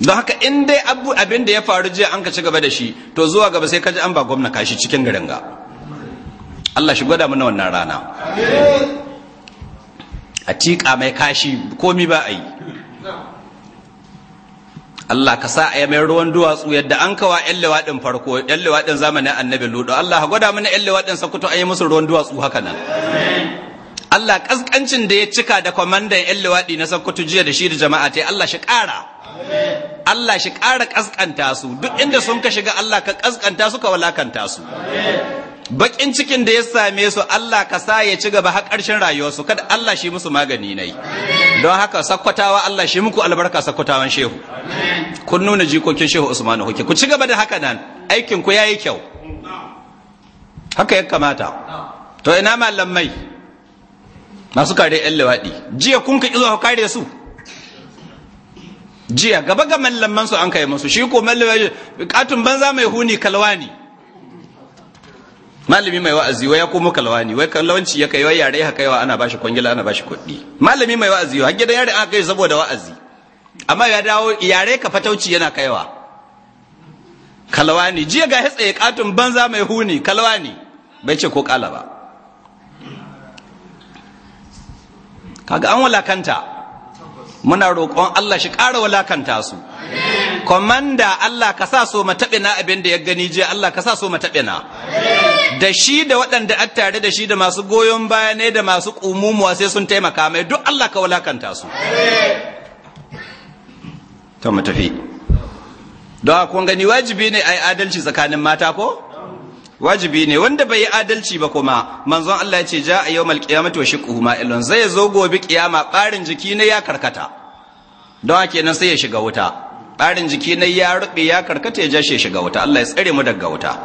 don haka in dai abin da ya faru jiya an ka ci gaba da shi to zuwa gaba sai kaji an ba gwamna kashi cikin garin ga Allah shi gwada mana wannan rana a tiƙa mai kashi komi ba a yi Allah ka sa a mai ruwan duwatsu yadda an kawa ƴan lewaɗin farko ƴan lewaɗin zamanin annabi ludo Allah ka gwada mana ƴan lewaɗin sakuto an yi musu ruwan duwatsu haka nan Allah kaskancin da ya cika da kwamandan ƴan lewaɗi na sakuto jiya da shi da jama'a ta Allah shi ƙara Allah shi ƙara ƙasƙanta su duk inda sun ka shiga Allah ka ƙasƙanta su ka walakanta su bakin cikin da ya same su Allah ka sa ya ci gaba har ƙarshen rayuwarsu kada Allah shi musu magani yi don haka sakkwatawa Allah shi muku albarka sakkwatawan shehu kun nuna jikokin shehu Usman Hoke ku ci gaba da haka nan aikin ku yayi kyau haka ya kamata to ina malamai masu kare yan lawadi jiya kun ka izo ka kare su jiya gaba ga mallaman su an kai musu shi ko mallaman katun banza mai huni kalwani malami mai wa'azi wai ya komo kalwani wai kalwanci ya kai wai yare ya kaiwa ana bashi kwangila ana bashi kuɗi malami mai wa'azi har gidan yare aka kai saboda wa'azi amma ya dawo yare ka fatauci yana kaiwa kalwani jiya ga ya katun banza mai huni kalwani bai ce ko kala ba kaga an kanta. muna roƙon Allah shi ƙara walakanta su komanda Allah ka sa so mataɓina abin da ya gani jiya, Allah ka sa so mataɓina da shi da waɗanda a tare da shi da masu goyon baya ne da masu ƙumumuwa sai sun taimaka mai duk Allah ka walakanta su to mu tafi don kun gani wajibi ne a yi adalci tsakanin mata ko wajibi ne wanda bai yi adalci ba kuma manzon Allah ya ce ja a yawmal qiyamati wa shiqquhu ilon zai zo gobe kiyama barin jiki ne ya karkata don a kenan sai ya shiga wuta barin jiki ne ya rube ya karkata ya ja shi shiga wuta Allah ya tsare mu daga wuta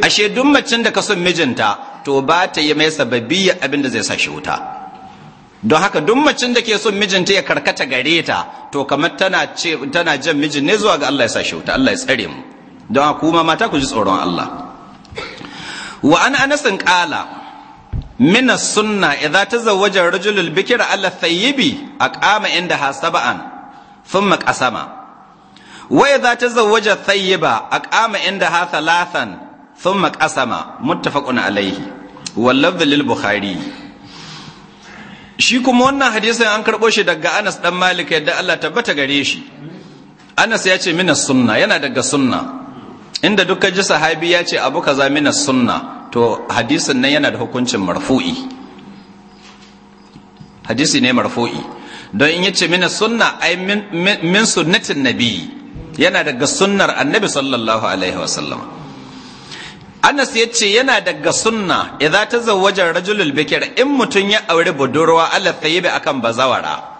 ashe duk macin da ka son mijinta to ba ta yi mai sababi abin da zai sa shi wuta don haka duk macin da ke son mijinta ya karkata gare ta to kamar tana tana jan mijin ne zuwa ga Allah ya sa shi wuta Allah ya tsare mu don a kuma mata ku ji tsoron Allah wa an anasin kala mina sunna idza tazawwaja rajulul bikir ala thayyibi aqama inda hasaban thumma qasama wa idza tazawwaja thayyiba aqama inda ha thalathan thumma qasama muttafaqun alayhi wallahu lil bukhari shi kuma wannan hadisin an karɓo shi daga Anas ɗan Malik yadda Allah tabbata gare shi Anas ya ce mina sunna yana daga sunna inda duka ji sahabi ya ce abu ka zamina sunna to hadisin nan yana da hukuncin marfu'i hadisi ne marfu'i don in yace mina sunna ai min sunnatin nabi yana daga sunnar annabi sallallahu alaihi wasallam Anas ya ce yana daga sunna idza tazawwaja rajulul bikir in mutum ya aure budurwa Allah tayyibi akan bazawara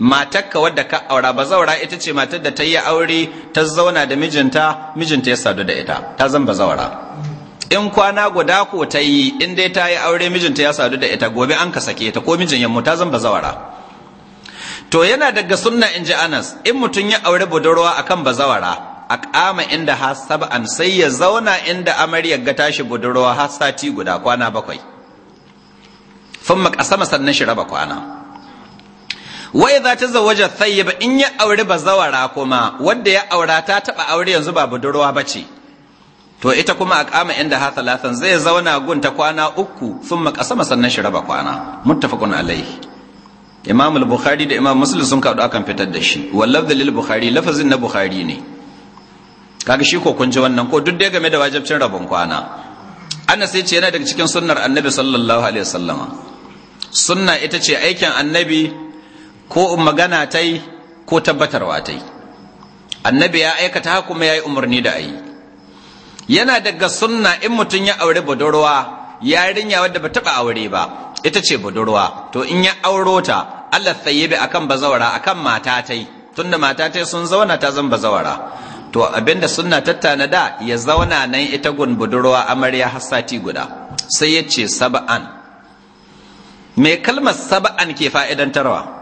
matakka wadda ka aura bazawara ita ce matar da ta yi aure ta zauna da mijinta mijinta ya sadu da ita ta zan bazawara in kwana guda ko ta yi in dai ta yi aure mijinta ya sadu da ita gobe an ka sake ta ko mijin yammu ta zan bazawara to yana daga sunna in ji anas in mutum ya aure budurwa akan bazawara a kama inda ha sab'an sai ya zauna inda amaryar ga tashi budurwa har sati guda kwana bakwai fa makasama sannan shi raba kwana wa idza tazawwaja thayyiba in ya auri bazawara kuma wanda ya aura ta taba aure yanzu ba budurwa bace to ita kuma a kama inda ha talatan zai zauna gun ta kwana uku sun qasama sannan shi raba kwana muttafaqun alayhi imam al-bukhari da imam muslim sun kadu akan fitar da shi wallaf dalil bukhari lafazin na bukhari ne kaga shi ko kun ji wannan ko duk da game da wajibcin rabon kwana ana sai yana daga cikin sunnar annabi sallallahu alaihi wasallama sunna ita ce aikin annabi ko magana ta yi ko tabbatarwa ta yi annabi ya aikata haka kuma ya yi umarni da a yi yana daga sunna in mutum ya aure budurwa yarinya wadda ba taɓa aure ba ita ce budurwa to in ya auro ta Allah bi akan bazawara akan mata ta yi tunda mata ta sun zauna ta zan bazawara to abinda sunna tattana da ya zauna nan ita gun budurwa amarya har sati guda sai ya ce saba'an me kalmar saba'an ke fa'idantarwa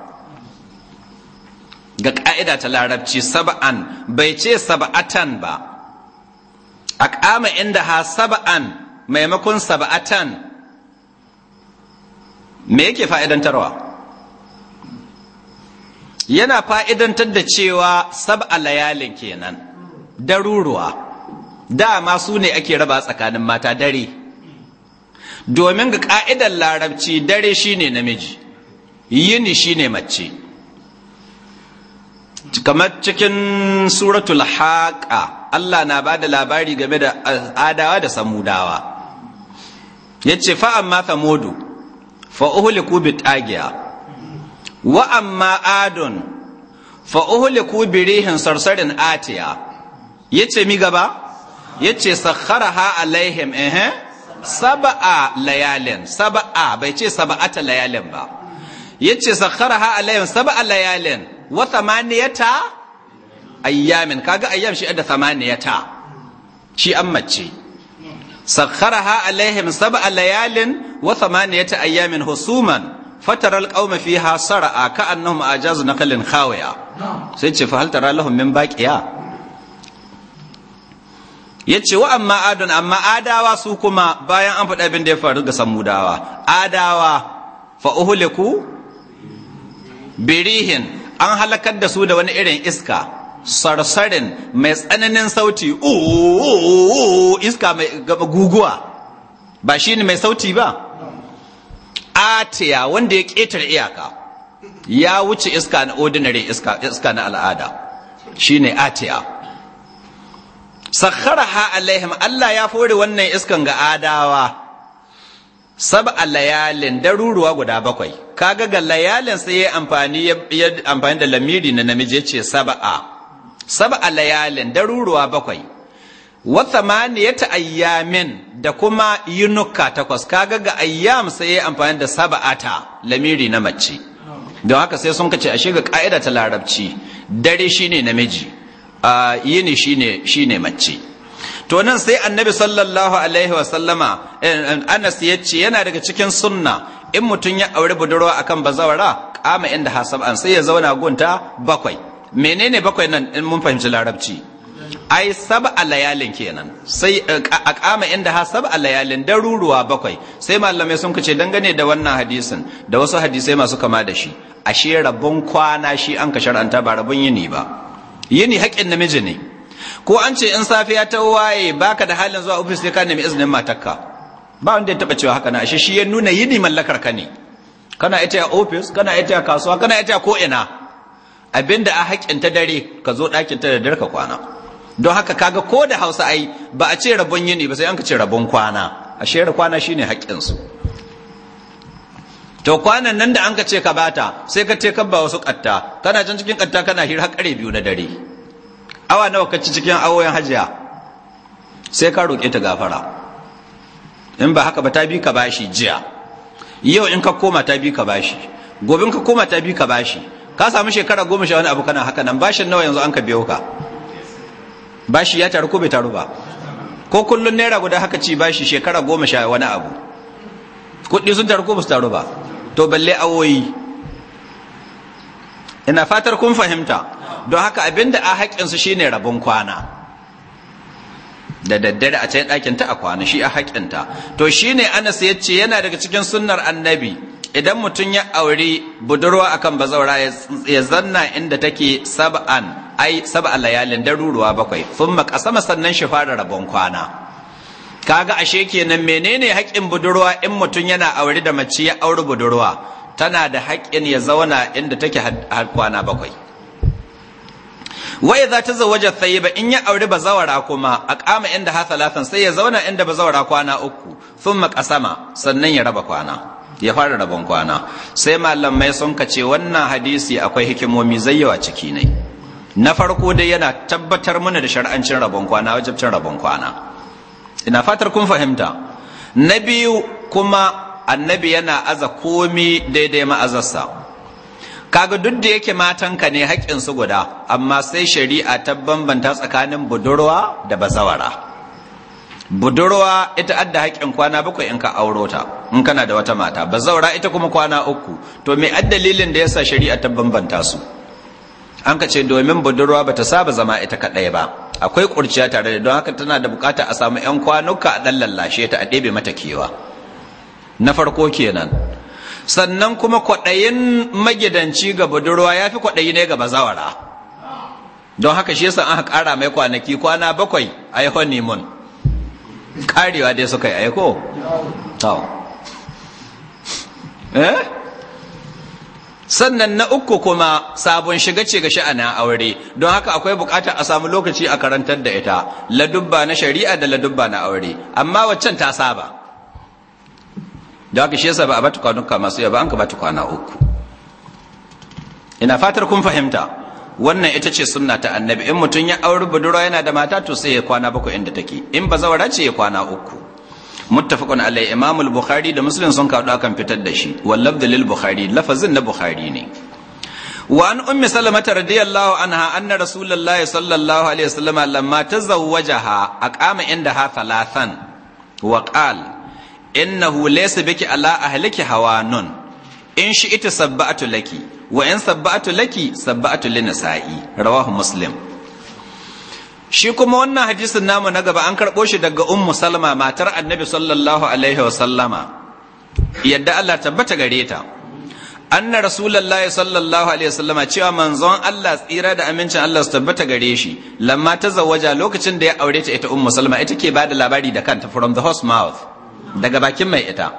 ga ka'ida ta larabci saba'an bai ce saba'atan ba a ƙama inda ha saba'an maimakon saba'atan me yake fa'idantarwa yana fa'idantar da cewa saba'a layalin kenan daruruwa dama su ne ake raba tsakanin mata dare domin ga ƙa'idar larabci dare shine namiji yini shine mace kamar cikin suratul haqa Allah na ba da labari game da adawa da samudawa yace fa amma samudu fa uhliku bitagiya wa amma adun fa uhliku birihin sarsarin atiya Ya yace mi gaba yace ha alaihim ehem, saba'a layalin Saba'a bai ce saba'ata layalin ba Ya ce yace ha alaihim saba'a layalin wa samaniyata ayyamin kaga ayyam shi da samaniyata shi an mace sakharaha alaihim sab'a layalin wa samaniyata ayyamin husuman fatara alqauma fiha sar'a ka'annahum ajazu naqlin khawiya sai ce fa hal tara lahum min baqiya ya ce wa amma Adun, amma adawa su kuma bayan an faɗa abin da ya faru ga samudawa adawa fa uhuliku birihin an halakar da su da wani irin iska sarsarin mai tsananin sauti ooo iska mai guguwa ba shi ne mai sauti ba atiya wanda ya ƙetare iyaka ya wuce iska na ordinary iska, na al'ada shi ne atiya sakharaha alaihim Allah ya fore wannan iskan ga adawa sab'a layalin daruruwa guda bakwai kaga ga layalin sai ya amfani ya amfani da lamiri na namiji ya ce sab'a sab'a layalin daruruwa bakwai wa thamaniyata ayyamin da kuma yunuka takwas kaga ga ayyam sai ya amfani da sab'ata lamiri na mace don haka sai sun kace ashe ga ka'ida ta larabci dare shine namiji yini shine shine mace to nan sai annabi sallallahu alaihi wa sallama eh, Anas ya ce yana daga cikin sunna in mutum ya aure budurwa akan bazawara kama inda hasab'an sai ya zauna gunta bakwai menene bakwai nan in mun fahimci larabci ai sab'a layalin kenan sai eh, a kama inda ha a layalin daruruwa bakwai sai malamai sun kace dangane da wannan hadisin da wasu hadisai masu kama da shi ashe rabun kwana shi an ka shar'anta ba rabon yini ba yini haƙin namiji ne ko an ce in safiya ta waye baka da halin zuwa ofis sai ka nemi izinin matarka ba wanda ya taba cewa haka na ashe shi ya nuna yini mallakar ka ne kana ita a ofis kana ita a kasuwa kana ita ko ina abinda a haƙin ta dare ka zo ɗakin ta da dare ka kwana don haka kaga ko da Hausa ai ba a ce rabon yini ba sai an ka ce rabon kwana ashe kwana shine haƙƙin su to kwanan nan da an ka ce ka bata sai ka ce ka ba wasu ƙatta kana can cikin ƙatta kana hira ƙare biyu na dare awa nawa ka ci cikin awoyin hajiya sai ka roƙe ta gafara in ba haka ba ta bi ka bashi jiya yau in ka koma ta bi ka bashi gobe in ka koma ta bi ka bashi ka samu shekara goma sha wani abu kana haka nan bashin nawa yanzu an ka biyo ka bashi ya taru ko bai taru ba ko kullun naira guda haka ci bashi shekara goma sha wani abu kuɗi sun taru ko ba su taru ba to balle awoyi ina fatar kun fahimta don haka abinda a su shine rabon kwana da daddare a can ɗakinta a kwana shi a haƙƙinta to shine anas ya ce yana daga cikin sunnar annabi idan mutum ya auri budurwa akan bazaura ya zanna inda take sab'an ai sab'a layalin daruruwa bakwai sun makasama sannan shi fara rabon kwana kaga ashe kenan menene haƙƙin budurwa in mutum yana aure da mace ya auri budurwa tana da haƙƙin ya zauna inda take har kwana bakwai wai za ta zo tsaye ba, in ya auri bazawara kuma a kama inda ha talatin sai ya zauna inda bazawara kwana uku sun makasama sannan ya raba kwana ya fara rabon kwana sai malamai sun kace wannan hadisi akwai hikimomi zai zayyawa ciki ne na farko dai yana tabbatar mana da shar'ancin rabon kwana wajibcin rabon kwana ina fatar kun fahimta na biyu kuma annabi yana aza komi daidai ma'azarsa kaga duk da yake matan ka ne su guda amma sai shari'a ta bambanta tsakanin budurwa da bazawara budurwa ita adda haƙƙin kwana bakwai in ka auro ta in kana da wata mata bazawara ita kuma kwana uku to me dalilin da yasa shari'a ta bambanta su an ka ce domin budurwa bata saba zama ita kaɗai ba akwai ƙurciya tare da don haka tana da bukata a samu 'yan kwanuka a ɗan lallashe ta a ɗebe mata kewa na farko kenan sannan kuma kwaɗayin magidanci ga budurwa ya fi kwaɗayi ne ga bazawara don haka shi yasa aka ƙara mai kwanaki kwana bakwai a yi honeymoon ƙarewa dai suka yi aiko eh sannan na uku kuma sabon shiga ce ga sha'ana aure don haka akwai bukatar a samu lokaci a karantar da ita ladubba na shari'a da ladubba na aure amma waccan ta saba da haka shi yasa ba a bata kwanuka masu yawa ba an ka bata kwana uku ina fatar kun fahimta wannan ita ce sunna ta annabi in mutum ya auri budurwa yana da mata to sai ya kwana bakwai inda take in ba zawara ce ya kwana uku muttafaqun alai imam al-bukhari da muslim sun kaɗu akan fitar da shi wallab Dalil bukhari lafazin na bukhari ne wa an ummi salamata radiyallahu anha anna rasulullahi sallallahu alaihi wasallam lamma tazawwajaha aqama indaha thalathan wa qala innahu laysa biki ala ahliki hawanun in shi ita sabba'atu laki wa in sabba'atu laki sabba'atu linasa'i rawahu muslim shi kuma wannan hadisin namu na gaba an karbo shi daga ummu salama matar annabi sallallahu alaihi wa sallama yadda Allah tabbata gare ta anna rasulullahi sallallahu alaihi wasallama cewa manzon Allah tsira da amincin Allah su tabbata gare shi lamma ta zawaja lokacin da ya aure ta ita ummu salama ita ke bada labari da kanta from the horse mouth daga bakin mai ita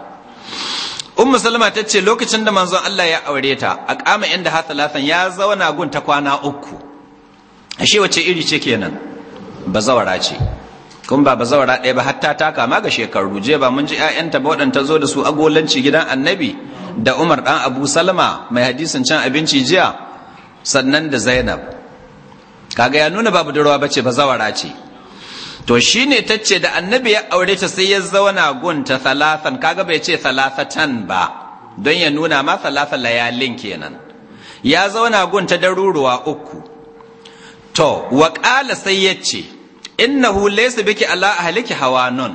ummu salama ta ce lokacin da manzon Allah ya aure ta a kama inda ha talatan ya zauna gun ta kwana uku ashe wace iri ce kenan bazawara ce kun ba bazawara ɗaya ba hatta ta kama ga shekaru je ba mun ji ƴaƴanta ba waɗanta zo da su agolanci gidan annabi da Umar ɗan Abu Salma mai hadisin can abinci jiya sannan da Zainab kaga ya nuna ba budurwa bace bazawara ce to shi ne ta ce da annabi ya aure ta sai ya zauna gun gunta salasan kaga bai ce salasatan ba don ya nuna ma salasa layalin kenan ya zauna gun ta daruruwa uku to wa ya sai ce innahu laysa biki ala ahliki hawanun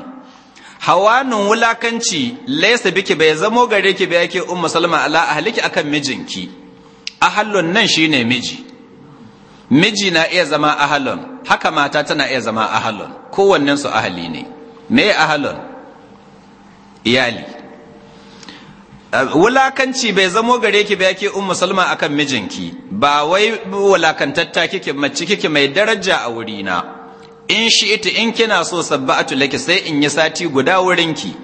hawanun wulakanci laysa biki bai zamo gare ki bai yake ummu salma ala ahliki akan mijinki ahallun nan shine miji miji na iya zama ahallun haka mata tana iya zama ahalon kowannen su ahali ne me ahalon iyali eh, wulakanci bai zamo gare ki ba yake ummu salma akan mijinki ba wai wulakantatta kike mace kike mai daraja a wurina in shi ita in kina so sabba'atu laki sai in yi sati guda wurinki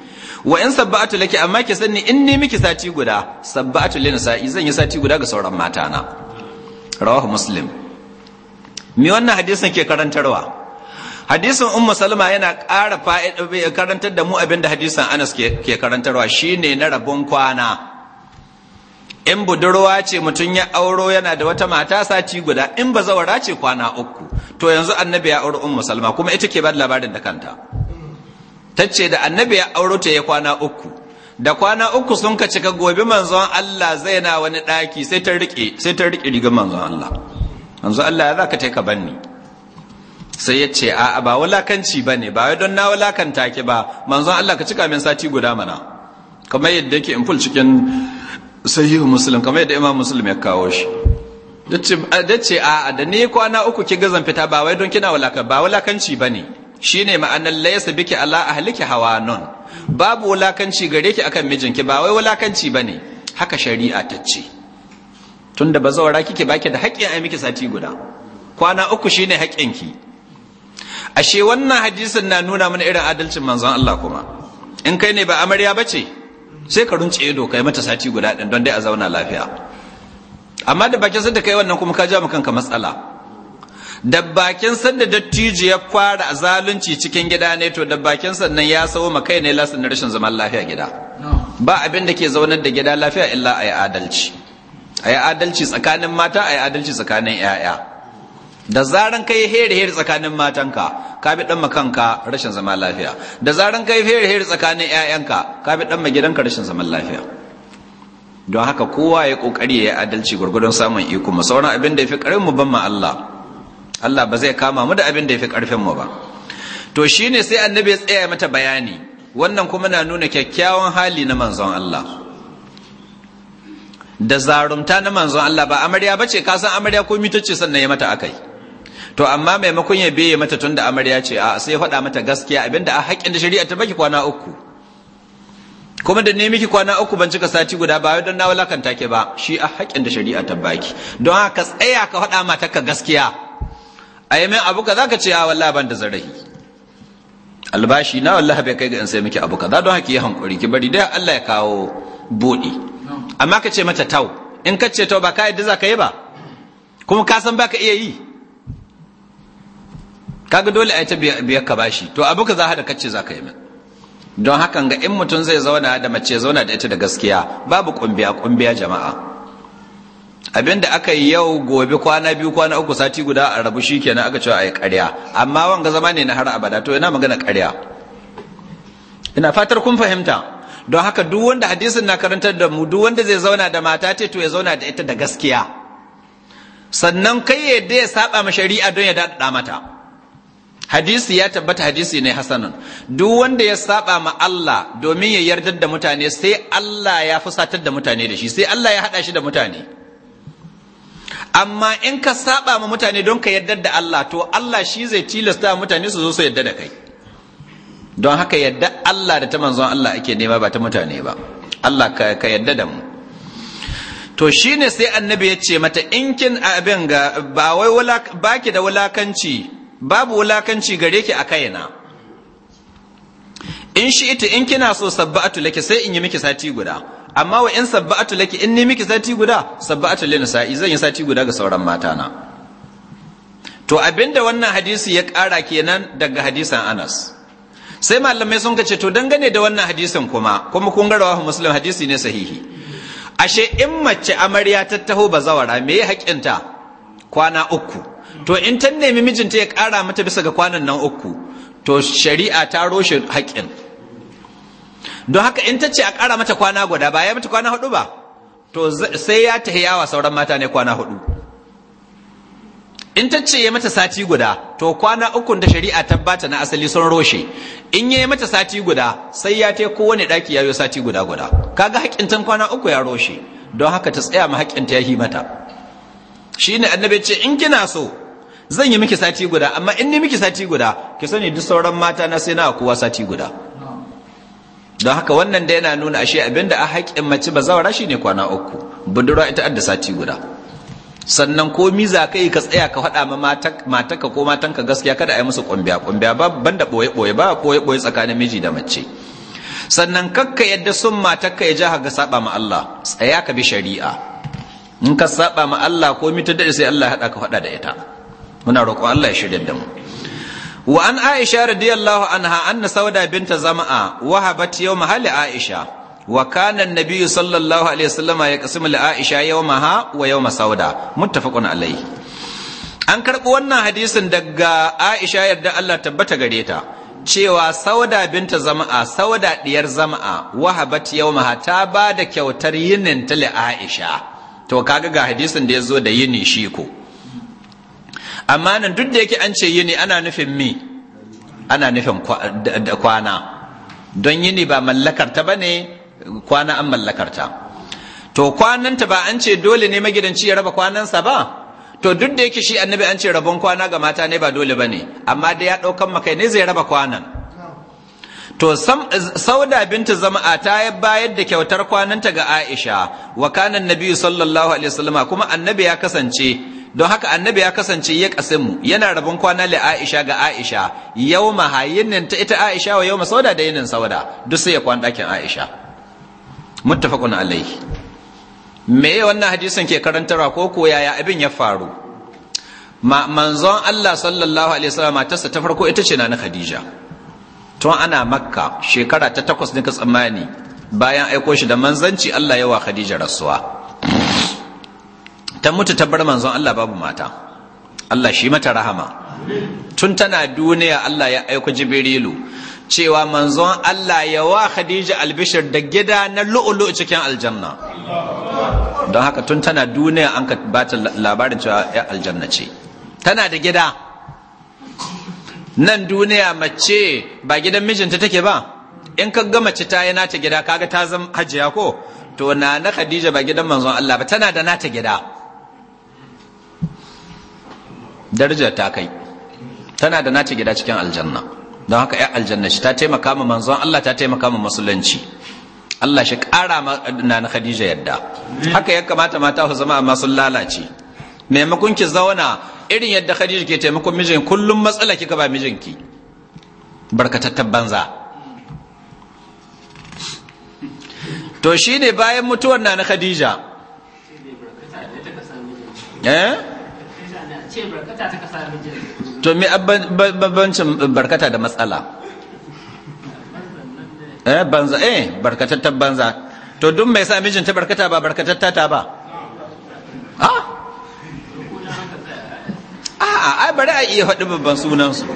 wa in sabba'atu laki amma ki sani in ni miki sati guda sabba'atu lin sa'i zan yi sati guda ga sauran mata na. rawahu muslim me wannan hadisin ke karantarwa hadisin ummu salma yana ƙara eh, karantar da mu abinda hadisin anas ke karantarwa shine na rabon kwana in budurwa ce mutum ya auro yana da wata mata sati guda in ba zawara ce kwana uku to yanzu annabi ya auro ummu salma kuma ita ke ba labarin da kanta tace da annabi ya auro ta ya kwana uku da kwana uku sun ka cika gobe manzon Allah zai na wani ɗaki sai ta riƙe sai ta rike rigar manzon Allah manzo Allah ya zaka taika ka banni sai ya ce a ba walakanci bane ba wai don na walakanta ki ba manzon Allah ka cika min sati guda mana kamar yadda yake in ful cikin sahihu muslim kamar yadda imam muslim ya kawo shi dace a da ni kwana uku ki gazan fita ba wai don kina walakan ba walakanci bane shine ma'anar laysa biki ala ahliki hawanun babu walakanci gare ki akan mijinki ba wai walakanci bane haka shari'a ta ce tunda ba zawara kike baki da haƙƙin a miki sati guda kwana uku shine ki. ashe wannan hadisin na nuna mana irin adalcin manzon Allah kuma in kai ne ba amarya bace sai ka runce ido kai mata sati guda din don dai a zauna lafiya amma da bakin sanda kai wannan kuma ka ja kanka matsala da bakin sanda dattijo ya fara zalunci cikin gida ne to da bakin sannan ya sawo ma kai ne lasin rashin zaman lafiya gida ba abin da ke zaunar da gida lafiya illa a adalci a yi adalci tsakanin mata a yi adalci tsakanin 'ya'ya da zaran kai heri-heri tsakanin matanka ka bi dan kanka rashin zaman lafiya da zaran kai heri-heri tsakanin 'ya'yanka ka bi dan gidanka rashin zaman lafiya don haka kowa ya kokari ya yi adalci gurgudun samun iko mu sauran abin da ya fi karfin mu ban ma Allah Allah ba zai kama mu da abin da ya fi karfin mu ba to shine sai annabi ya tsaya mata bayani wannan kuma na nuna kyakkyawan hali na manzon Allah da zarumta na manzon Allah ba amarya bace ka san amarya ko mitacce sannan ya mata akai to amma maimakon ya biye mata tunda amarya ce a sai ya faɗa mata gaskiya abinda a haƙƙin da shari'a ta baki kwana uku kuma da ne miki kwana uku ban cika sati guda ba don na walakanta ke ba shi a haƙƙin da shari'a ta baki don haka tsaya ka faɗa mata ka gaskiya a yi min abu kaza ka ce a wallahi ban da zarahi albashi na wallahi bai kai ga in sai miki abu kaza don haka yi hankuri ki bari dai Allah ya kawo buɗi amma ka ce mata tau in ka ce tau ba ka yadda za ka yi ba kuma ka san ba ka iya yi kaga dole a yi ta biyar ka bashi to abu ka za ka kace za ka yi min don hakan ga in mutum zai zauna da mace zauna da ita da gaskiya babu kumbiya kumbiya jama'a abin da aka yi yau gobe kwana biyu kwana uku sati guda a rabu shi kenan aka cewa a yi karya amma wanga zama ne na har abada to ina magana karya ina fatar kun fahimta don haka duk wanda hadisin na karantar da mu duk wanda zai zauna da mata ce to ya zauna da ita da gaskiya sannan kai ya yadda ya saba ma shari'a don ya daɗa mata hadisi ya tabbata hadisi ne hasanun duk wanda ya saba ma Allah domin ya yardar da mutane sai Allah ya fusatar da mutane da shi sai Allah ya haɗa shi da mutane amma in ka saba ma mutane don ka yardar da Allah to Allah shi zai tilasta mutane su zo su yarda da kai don haka yadda Allah da ta manzon Allah ake nema ba ta mutane ba Allah ka yadda da mu to shine sai annabi ya ce mata in kin abin ga ba wai baki da wulakanci babu wulakanci gare ki a kaina in shi ita in kina so sabba'atu laki sai in yi miki sati guda amma wa in sabba'atu laki in ni miki sati guda sabba'atu lin sa'i zan yi sati guda ga sauran mata na to abinda wannan hadisi ya kara kenan daga hadisan Anas sai malamai sun ce to dangane da wannan hadisin kuma kuma kun garawa muslim hadisi ne sahihi ashe in mace amarya ta taho bazawara me ya haƙinta kwana uku to in ta nemi mijinta ya ƙara mata bisa ga kwanan nan uku to shari'a ta roshe haƙin don haka in ta ce a ƙara mata kwana guda ba ya mata kwana hudu ba to sai ya tahiyawa sauran mata ne kwana hudu in ta ce ya mata sati guda to kwana ukun da shari'a ta bata na asali sun roshe in ya mata sati guda sai ya ta kowane daki ya yi sati guda guda kaga haƙƙintan kwana uku ya roshe don haka ta tsaya ma haƙƙinta ya yi mata Shi ne annabi ce in kina so zan yi miki sati guda amma in ni miki sati guda ki sani duk sauran mata na sai na kowa sati guda don haka wannan da yana nuna ashe abinda a haƙƙin mace ba zawara ne kwana uku budurwa ita adda sati guda sannan ko miza kai ka tsaya ka faɗa ma matarka ko matanka gaskiya kada a yi musu ƙwambiya ƙwambiya ba banda ɓoye-ɓoye ba ɓoye-ɓoye tsakanin miji da mace sannan kakka yadda sun matarka ya jaha ga saba ma Allah tsaya ka bi shari'a in ka saba ma Allah ko mita da sai Allah ya haɗa ka faɗa da ita muna roƙo Allah ya shirya da mu wa an Aisha radiyallahu anha anna Sauda binta Zama'a wahabat yawma hali Aisha wa kana nabiyyu sallallahu alaihi wasallama ya qasimu li aisha ha wa yawma sauda muttafaqun alaihi an karɓi wannan hadisin daga aisha yadda Allah tabbata gare ta cewa sauda binta zama'a sauda diyar zama'a wahabat ha ta ba da kyautar yinin ta li aisha to kaga ga hadisin da yazo da yini shi ko amma nan duk da yake an ce yini ana nufin mi ana nufin kwana don yini ba mallakar ta bane kwana an mallakarta to kwananta ba an ce dole ne magidanci ya raba kwanansa ba to duk da yake shi annabi an ce rabon kwana ga mata ne ba dole ba ne amma da ya ɗaukan makai ne zai raba kwanan to sauda binta zama'a ta bayar da kyautar kwananta ga aisha wa kanan nabi sallallahu alaihi wasallam kuma annabi ya kasance don haka annabi ya kasance ya kasimu yana rabon kwana li aisha ga aisha yau mahayinin ta ita aisha wa yau sauda da yinin sauda duk sai ya kwana ɗakin aisha muttafaqun alaihi me wannan hadisin ke karantarwa ko ko yaya abin ya faru manzon Allah sallallahu alaihi wasallam matarsa ta farko ita ce nana Khadija tun ana makka shekara ta takwas ne ka tsammani bayan aiko shi da manzanci Allah yawa Khadija rasuwa ta mutu ta bar manzon Allah babu mata Allah shi mata rahama tun tana duniya Allah ya aiko Jibrilu cewa manzon Allah ya wa Khadija albishir da gida na lu'ulu cikin aljanna don haka tun tana duniya an ka bata labarin cewa ya aljanna ce tana da gida nan duniya mace ba gidan mijinta take ba in ka ga mace ta yi nata gida kaga ta zama hajiya ko to na na Khadija ba gidan manzon Allah ba tana da nata gida darajar ta kai tana da nata gida cikin aljanna don haka ya aljanna shi ta taimaka ma manzon Allah ta taimaka ma musulunci Allah shi ƙara ma na Khadija yadda haka ya kamata mata su zama a sun lalace maimakon ki zauna irin yadda Khadija ke taimakon mijin kullum matsala kika ba mijinki barkatattan banza to shine bayan mutuwar na Khadija eh ce barkata ta kasa mijin to me babbancin barkata da matsala eh banza eh barkatattar banza to duk mai sa mijin ta barkata ba barkatatta ta ba ha a'a ai bari a iya faɗi babban sunan su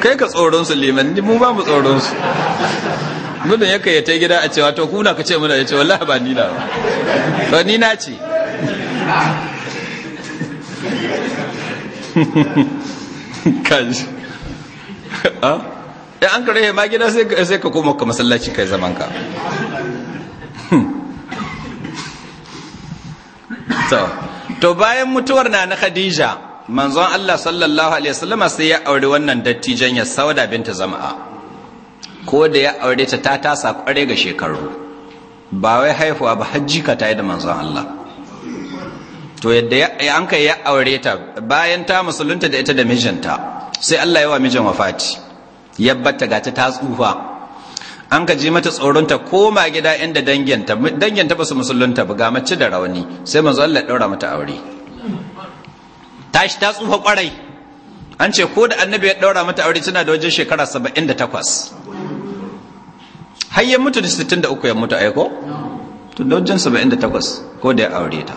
kai ka tsoron su liman mu ba mu tsoron su gudun yake ya ta gida a cewa to kuna ka ce muna ya ce wallahi ba ni na ba to ni na ce kaji ya ah? eh, an kare ma gida sai ka koma ka masallaci kai zaman ka hmm. to bayan mutuwar na na khadija manzon Allah sallallahu alaihi wasallam sai ya aure wannan dattijan ya sauda binta zama'a ko da ya aure ta ta tasa kware ga shekaru ba wai haifuwa ba hajji ka tayi da manzon Allah to yadda ya an kai ya aure ta bayan ta musulunta da ita da mijinta sai Allah ya wa mijin wafati yabbata gata ta tsufa an ka ji mata tsoronta koma gida inda danginta danginta ba su musulunta ba ga mace da rauni sai manzo Allah ya daura mata aure tashi ta tsufa kwarai an ce ko da annabi ya daura mata aure tana da wajen shekara 78 har ya mutu da 63 ya mutu aiko to da wajen 78 ko da ya aure ta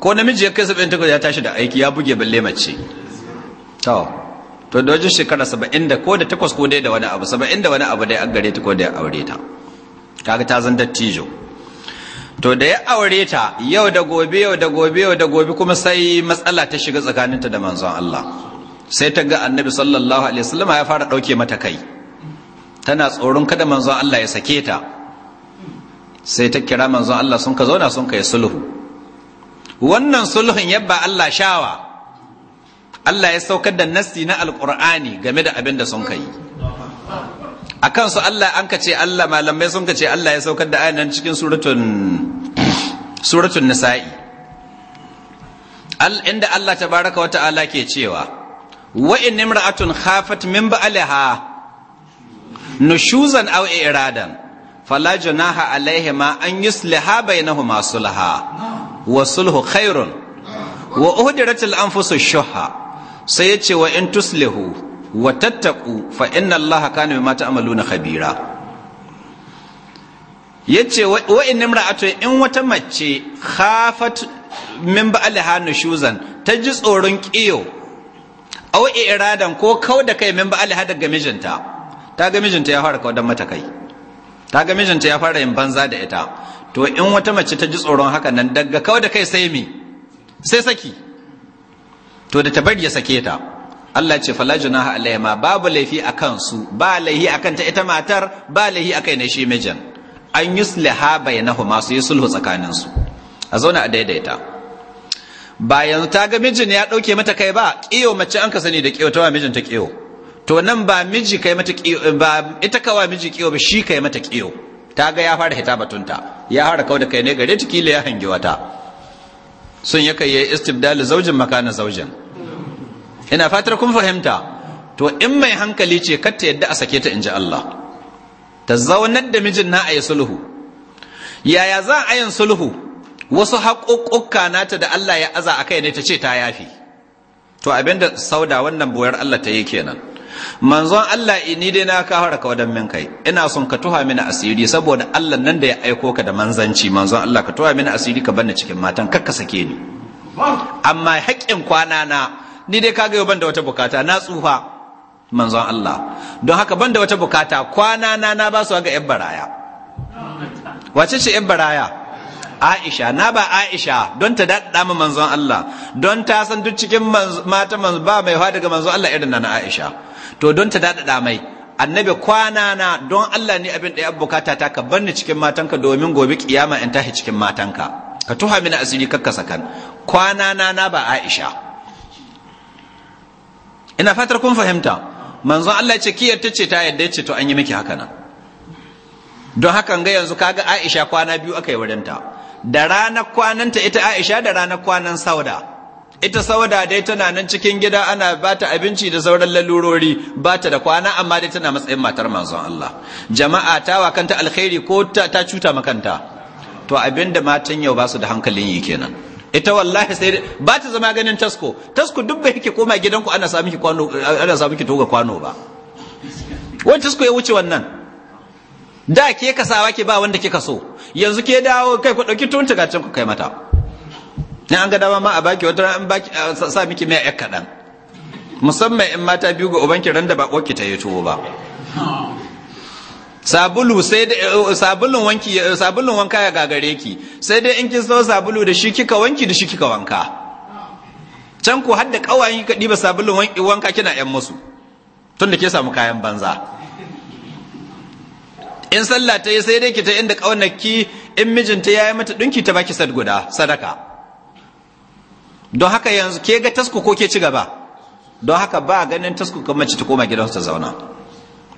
ko namiji ya kai takwas ya tashi da aiki ya buge balle mace to to da wajen shekara saba'in da ko da takwas ko dai da wani abu saba'in da wani abu dai an gare ta ko da ya aure ta kaga ta zan dattijo to da ya aure ta yau da gobe yau da gobe yau da gobe kuma sai matsala ta shiga tsakaninta da manzon Allah sai ta ga annabi sallallahu alaihi wasallam ya fara dauke mata kai tana tsoron kada manzon Allah ya sake ta sai ta kira manzon Allah sun ka zauna sun kai sulhu wannan sulhun yabba Allah shawa Allah ya saukar da nasti na alqur'ani game da abin da sun kai a kansu Allah an ka ce Allah malamai sun ka ce Allah ya saukar da ayan cikin suratun nisa'i inda Allah ta baraka wa ta'ala ke cewa wa'in in imra'atun khafat min ba'liha nushuzan aw iradan fala junaha alaihima an yusliha bainahuma sulha wa sulhu khairun wa uhdiratil anfusu shuha sai yace wa in tuslihu wa tattaqu fa inna allaha kana bima ta'maluna khabira yace wa in imra'atu in wata mace khafat min ba'alha nushuzan ta ji tsoron kiyo aw iradan ko kauda kai min ba'alha daga mijinta ta ga mijinta ya fara kaudan mata kai ta ga mijinta ya fara yin banza da ita to in wata mace ta ji tsoron haka nan daga kawai da kai sai me sai saki to da ta bari ya sake ta Allah ce fala junaha alaihi ma babu laifi akan su ba laifi akan ta ita matar ba laifi akai ne shi mijin an yusliha bainahuma su yi sulhu tsakanin su a zauna a daidaita bayan ta ga mijin ya dauke mata kai ba kiyo mace an ka sani da kiyo ta mijin ta kiyo to nan ba miji kai mata kiyo ba ita kawa miji kiyo ba shi kai mata kiyo ta ga ya fara hita batunta ya fara kau da kai ne gare ta kila ya hangi wata sun ya kai istibdali, istibdal zaujin makana zaujin ina fatar kun fahimta to in mai hankali ce kar ta yadda a sake ta inji Allah ta zaunar da mijin na ayi sulhu yaya za a yin sulhu wasu haƙoƙoƙa nata da Allah ya aza a kai ne ta ce ta yafi to abinda sauda wannan boyar Allah ta yi kenan manzon Allah ni dai na ka haraka wadan min kai ina son ka tuha mini asiri saboda Allah nan da ya aiko ka da manzanci manzon Allah ka tuha mini asiri ka banna cikin matan kakka sake ni amma haƙƙin kwana na ni dai kaga yau ban da wata bukata na tsufa manzon Allah don haka banda wata bukata kwana na na ba su ga yan baraya wace ce yan baraya Aisha na ba Aisha don ta daɗa ma manzon Allah don ta san duk cikin mata manzo ba mai hawa daga manzon Allah irin na Aisha to don ta daɗa mai annabi kwana na don Allah ne abin da ya bukata ta ka barni ni cikin matanka domin gobe kiyama in tashi cikin matanka ka tuha mini asiri kakka sakan kwana na na ba Aisha ina fatar kun fahimta manzon Allah ce kiyar ta ce ta yadda ce to an yi miki haka na, don hakan ga yanzu kaga Aisha kwana biyu aka yi wurinta da ranar kwananta ita Aisha da ranar kwanan Sauda ita Sauda dai tana nan cikin gida ana bata abinci da sauran lalurori bata da kwana amma dai tana matsayin matar manzon Allah jama'a ta wa kanta alkhairi ko ta, ta cuta makanta to abinda matan yau ba su da hankalin yi kenan ita wallahi sai ba ta zama ganin tasko tasko duk bai kike koma gidanku ana samu ki kwano ana samu ki toga kwano ba wani tasko ya wuce wannan da ke kasawa ke ba wanda kika so yanzu ke dawo kai ku ɗauki tun tukacin ku kai mata in an ga dama ma a baki wata ran baki sa miki mai yak kadan musamman in mata biyu ga ubanki ran da ba ƙoki ta yi tuwo ba sabulu sai da eh, oh, sabulun wanki eh, sabulun wanka ya gagare ki sai dai in kin so sabulu da shi kika wanki da shi kika wanka can ku hadda kawayen ka diba sabulun wanka kina yan musu tun da ke samu kayan banza in sallah ta yi sai dai ki ta inda ki, in mijinta ya yi mata dinki ta baki sad guda sadaka don haka yanzu ke ga tasku ko ke ci gaba don haka ba ganin tasku kan mace ta koma gidansu ta zauna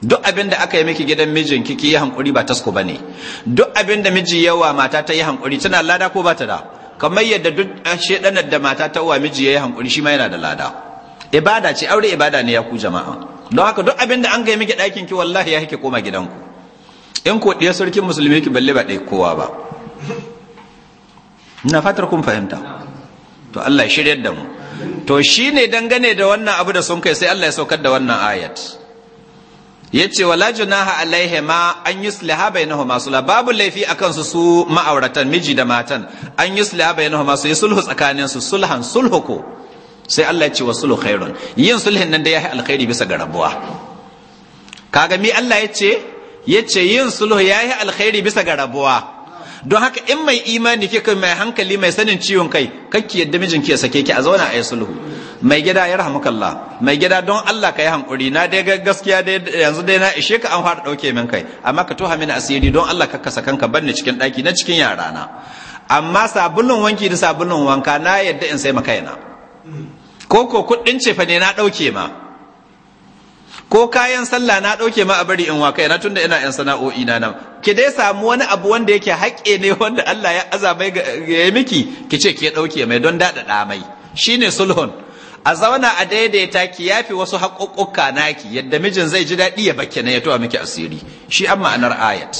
duk abin da aka yi miki gidan mijin ki yi hankuri ba tasku bane duk abin da miji yawa mata ta yi hankuri tana lada ko ba ta da kamar yadda duk shedanar da mata ta wa miji ya yi hankuri shi ma yana da lada ibada ce aure ibada ne ya ku jama'a don haka duk abin da an ga miki ɗakin ki wallahi ya hake koma gidanku Yan ko ɗaya sarkin musulmi ki balle ba ɗaya kowa ba ina fatar kun fahimta to Allah ya shiryar da mu to shi ne dangane da wannan abu da sun kai sai Allah ya saukar da wannan ayat Ya yace wala junaha ma an bai bainahuma sulha babu laifi a kansu su ma'auratan miji da matan an bai bainahuma su yi sulhu tsakaninsu sulhan sulhu ko sai Allah ya ce sulhu khairun yin sulhin nan da ya yi alkhairi bisa ga rabuwa kaga mi Allah ya ce yace yin sulhu yayi alkhairi bisa ga rabuwa don haka in mai imani kika mai hankali mai sanin ciwon kai kakki yadda mijinki ya sake ki a zauna a yi sulhu mai gida ya rahmukallah mai gida don Allah ka yi hankuri na dai gaskiya dai yanzu dai na ishe ka an fara dauke min kai amma ka tuha mini asiri don Allah ka kasa kanka banni cikin daki na cikin yara na amma sabulun wanki da sabulun wanka na yadda in sai maka yana ko ko kuɗin cefa ne na dauke ma ko kayan sallah na ɗauke ma a bari in wa kaina tunda ina yan sana'o'i na nan ki dai samu wani abu wanda yake haƙƙe ne wanda Allah ya azaba ya yi miki ki ce ki ɗauke mai don daɗaɗa mai shine sulhun a zauna a daidaita ki yafi wasu haƙoƙoƙa naki yadda mijin zai ji daɗi ya bakke na ya tuwa miki asiri shi an ma'anar ayat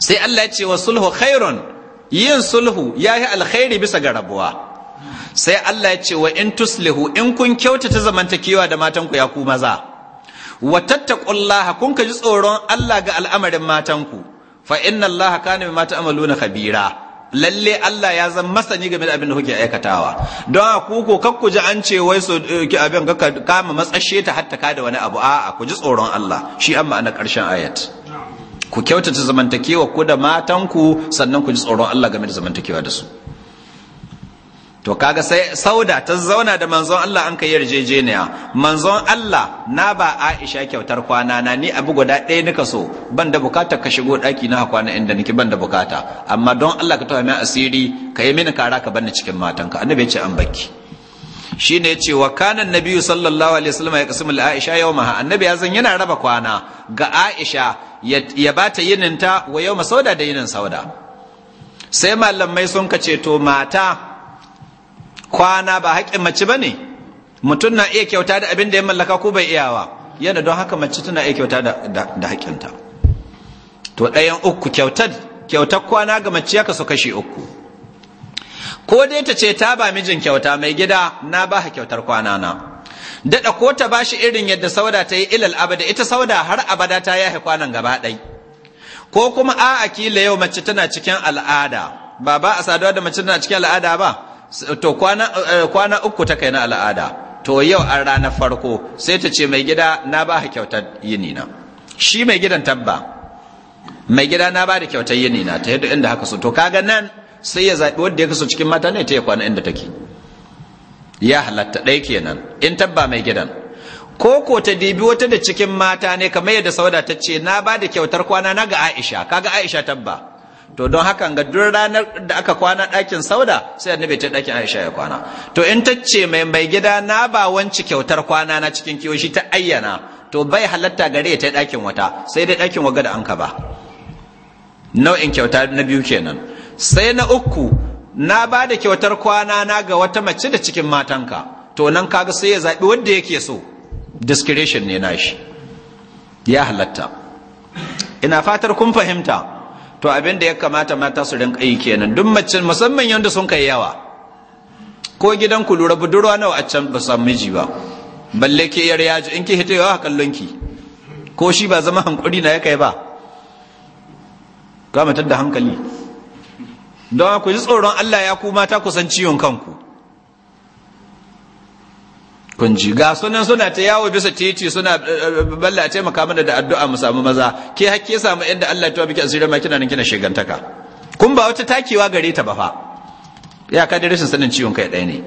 sai Allah ya ce wa sulhu khairun yin sulhu ya yi alkhairi bisa ga rabuwa sai Allah ya ce wa in tuslihu in kun kyautata zamantakewa da matanku ya ku maza wa tattaqullaha kun ka ji tsoron Allah ga al'amarin matanku fa inna Allah kana bima ta'maluna khabira lalle Allah ya zama masani game da abin da kuke aikatawa don a kuko kakku ji an ce wai so eh, ki abin ka kama matsashe ta hatta ka da wani abu a ku ji tsoron Allah shi an ana karshen ayat ku kyautata zamantakewa ku da matanku sannan ku ji tsoron Allah game da zamantakewa da su to kaga sai sauda ta zauna da manzon Allah an kai yarjejeniya manzon Allah na ba Aisha kyautar kwana na ni abu guda ɗaya nika so ban da bukata ka shigo ɗaki na kwana inda nake ban da bukata amma don Allah ka tawa min asiri ka yi mini kara ka banni cikin matanka annabi ya ce an baki shine ya ce wa kanan nabiyyu sallallahu alaihi wasallam ya kasimul Aisha yawmaha annabi ya zan yana raba kwana ga Aisha ya bata yininta wa yawma sauda da yinin sauda sai malamai sun kace to mata kwana ba haƙƙin mace ba ne mutum na iya kyauta da abin da ya mallaka ko bai iyawa yana don haka mace tana iya kyauta da haƙƙinta to ɗayan uku kyautar kyautar kwana ga mace ya kasu kashi uku ko dai ta ce ta ba mijin kyauta mai gida na ba kyautar kwana na daɗa ko ta ba shi irin yadda sauda ta yi ilal abada ita sauda har abada ta yahe kwanan gaba ɗai ko kuma a akila yau mace tana cikin al'ada ba ba a saduwa da mace tana cikin al'ada ba to kwana eh, kwana uku ta kai na al'ada to yau an rana farko sai ta ce mai gida na ba ha kyautar yini na shi mai gidan tabba mai gida na ba da kyautar yini na ta yadda inda haka so to kaga nan sai ya zaɓi wanda ya kaso cikin mata ne ta ya kwana inda take ya halatta ɗaya kenan in tabba mai gidan ko ko ta dibi wata da cikin mata ne kamar yadda sauda ta ce na ba da kyautar kwana na ga aisha kaga aisha tabba to don haka ga duk ranar da aka kwana ɗakin sauda sai annabi ta ɗakin aisha ya kwana to in ta ce mai mai gida na ba wanci kyautar kwana na cikin kiwo shi ta ayyana to bai halatta gare ta ɗakin wata sai dai ɗakin waga da an ka ba nau'in kyauta na biyu kenan sai na uku na ba da kyautar kwana na ga wata mace da cikin matanka to nan kaga sai ya zaɓi wanda yake so discretion ne nashi ya halatta ina fatar kun fahimta to abin da ya kamata mata su rinka yi kenan duk mace musamman yanda sun kai yawa ko gidan ku lura budurwa nawa a can ba san miji ba balle ke yar yaji in ki hito yawa kallon ki ko shi ba zama hankuri na ya kai ba ga mutar da hankali don ku ji tsoron Allah ya ku mata ku san ciwon kanku kunji ga sunan suna ta yawo bisa titi suna eh, eh, balla taimaka mana da addu'a mu samu maza ke hakke samu yadda Allah ya biki asiri ma kina nan kina shigantaka kun ba wata takewa gare ta ba fa ya ka da sanin ciwon kai ɗaya ne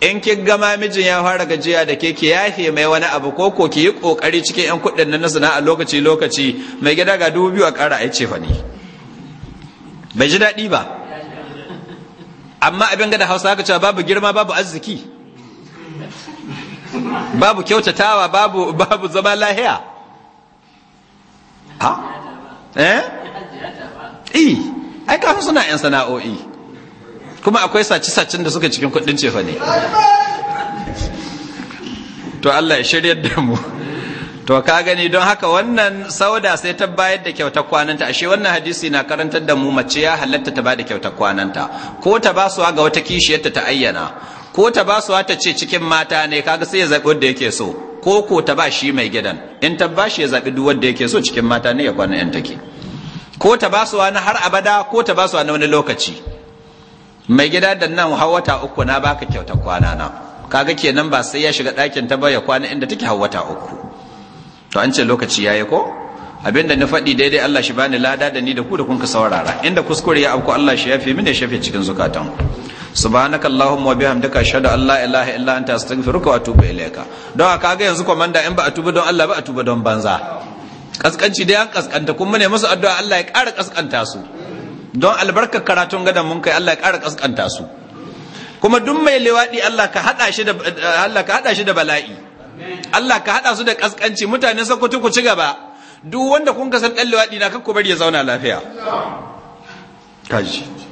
in ki gama mijin ya fara gajiya da ke ki yahe mai wani abu ko ko ki yi kokari cikin yan kuɗin nan na sana'a lokaci lokaci mai gida ga dubu biyu a kara a ce ne bai ji daɗi ba amma abin ga da hausa ka cewa babu girma babu arziki babu kyautatawa babu babu zama lahiya ha eh eh ai kafin suna yan sana'o'i kuma akwai saci da suka cikin kudin cefa ne to Allah ya shirye da mu to ka gani don haka wannan sauda sai ta bayar da kyautar kwananta ashe wannan hadisi na karantar da mu mace ya halatta ta bada kyautar kwananta ko ta ba su ga wata kishiyarta ta ayyana ko ta ba su ta ce cikin mata ne kaga sai ya zaɓi wanda yake so ko ko ta ba shi mai gidan in ta ba shi ya zaɓi duk wanda yake so cikin mata ne ya kwana yan take ko ta ba su na har abada ko ta ba su wani wani lokaci mai gida da nan har wata uku na baka kyauta kwana na kaga kenan ba sai ya shiga ɗakin ta ba ya kwana inda take har wata uku to an ce lokaci yayi ko abinda na faɗi daidai Allah shi bani lada da ni da ku da kun ka saurara inda kuskure ya auku Allah shi yafi mini ya shafe cikin zukatan subhanaka allahumma wa bihamdika ashhadu an la ilaha illa anta astaghfiruka wa atubu ilayka don haka ga yanzu komanda in ba a tuba don Allah ba a tuba don banza kaskanci dai an kaskanta kun ne musu addu'a Allah ya ƙara kaskanta su don albarkar karatun gadan mun kai Allah ya ƙara kaskanta su kuma duk mai liwadi Allah ka hada shi da Allah ka hada shi da bala'i Allah ka hada su da kaskanci mutane sakutu ku ci gaba duk wanda kun san dan liwadi na kakku bari ya zauna lafiya kaji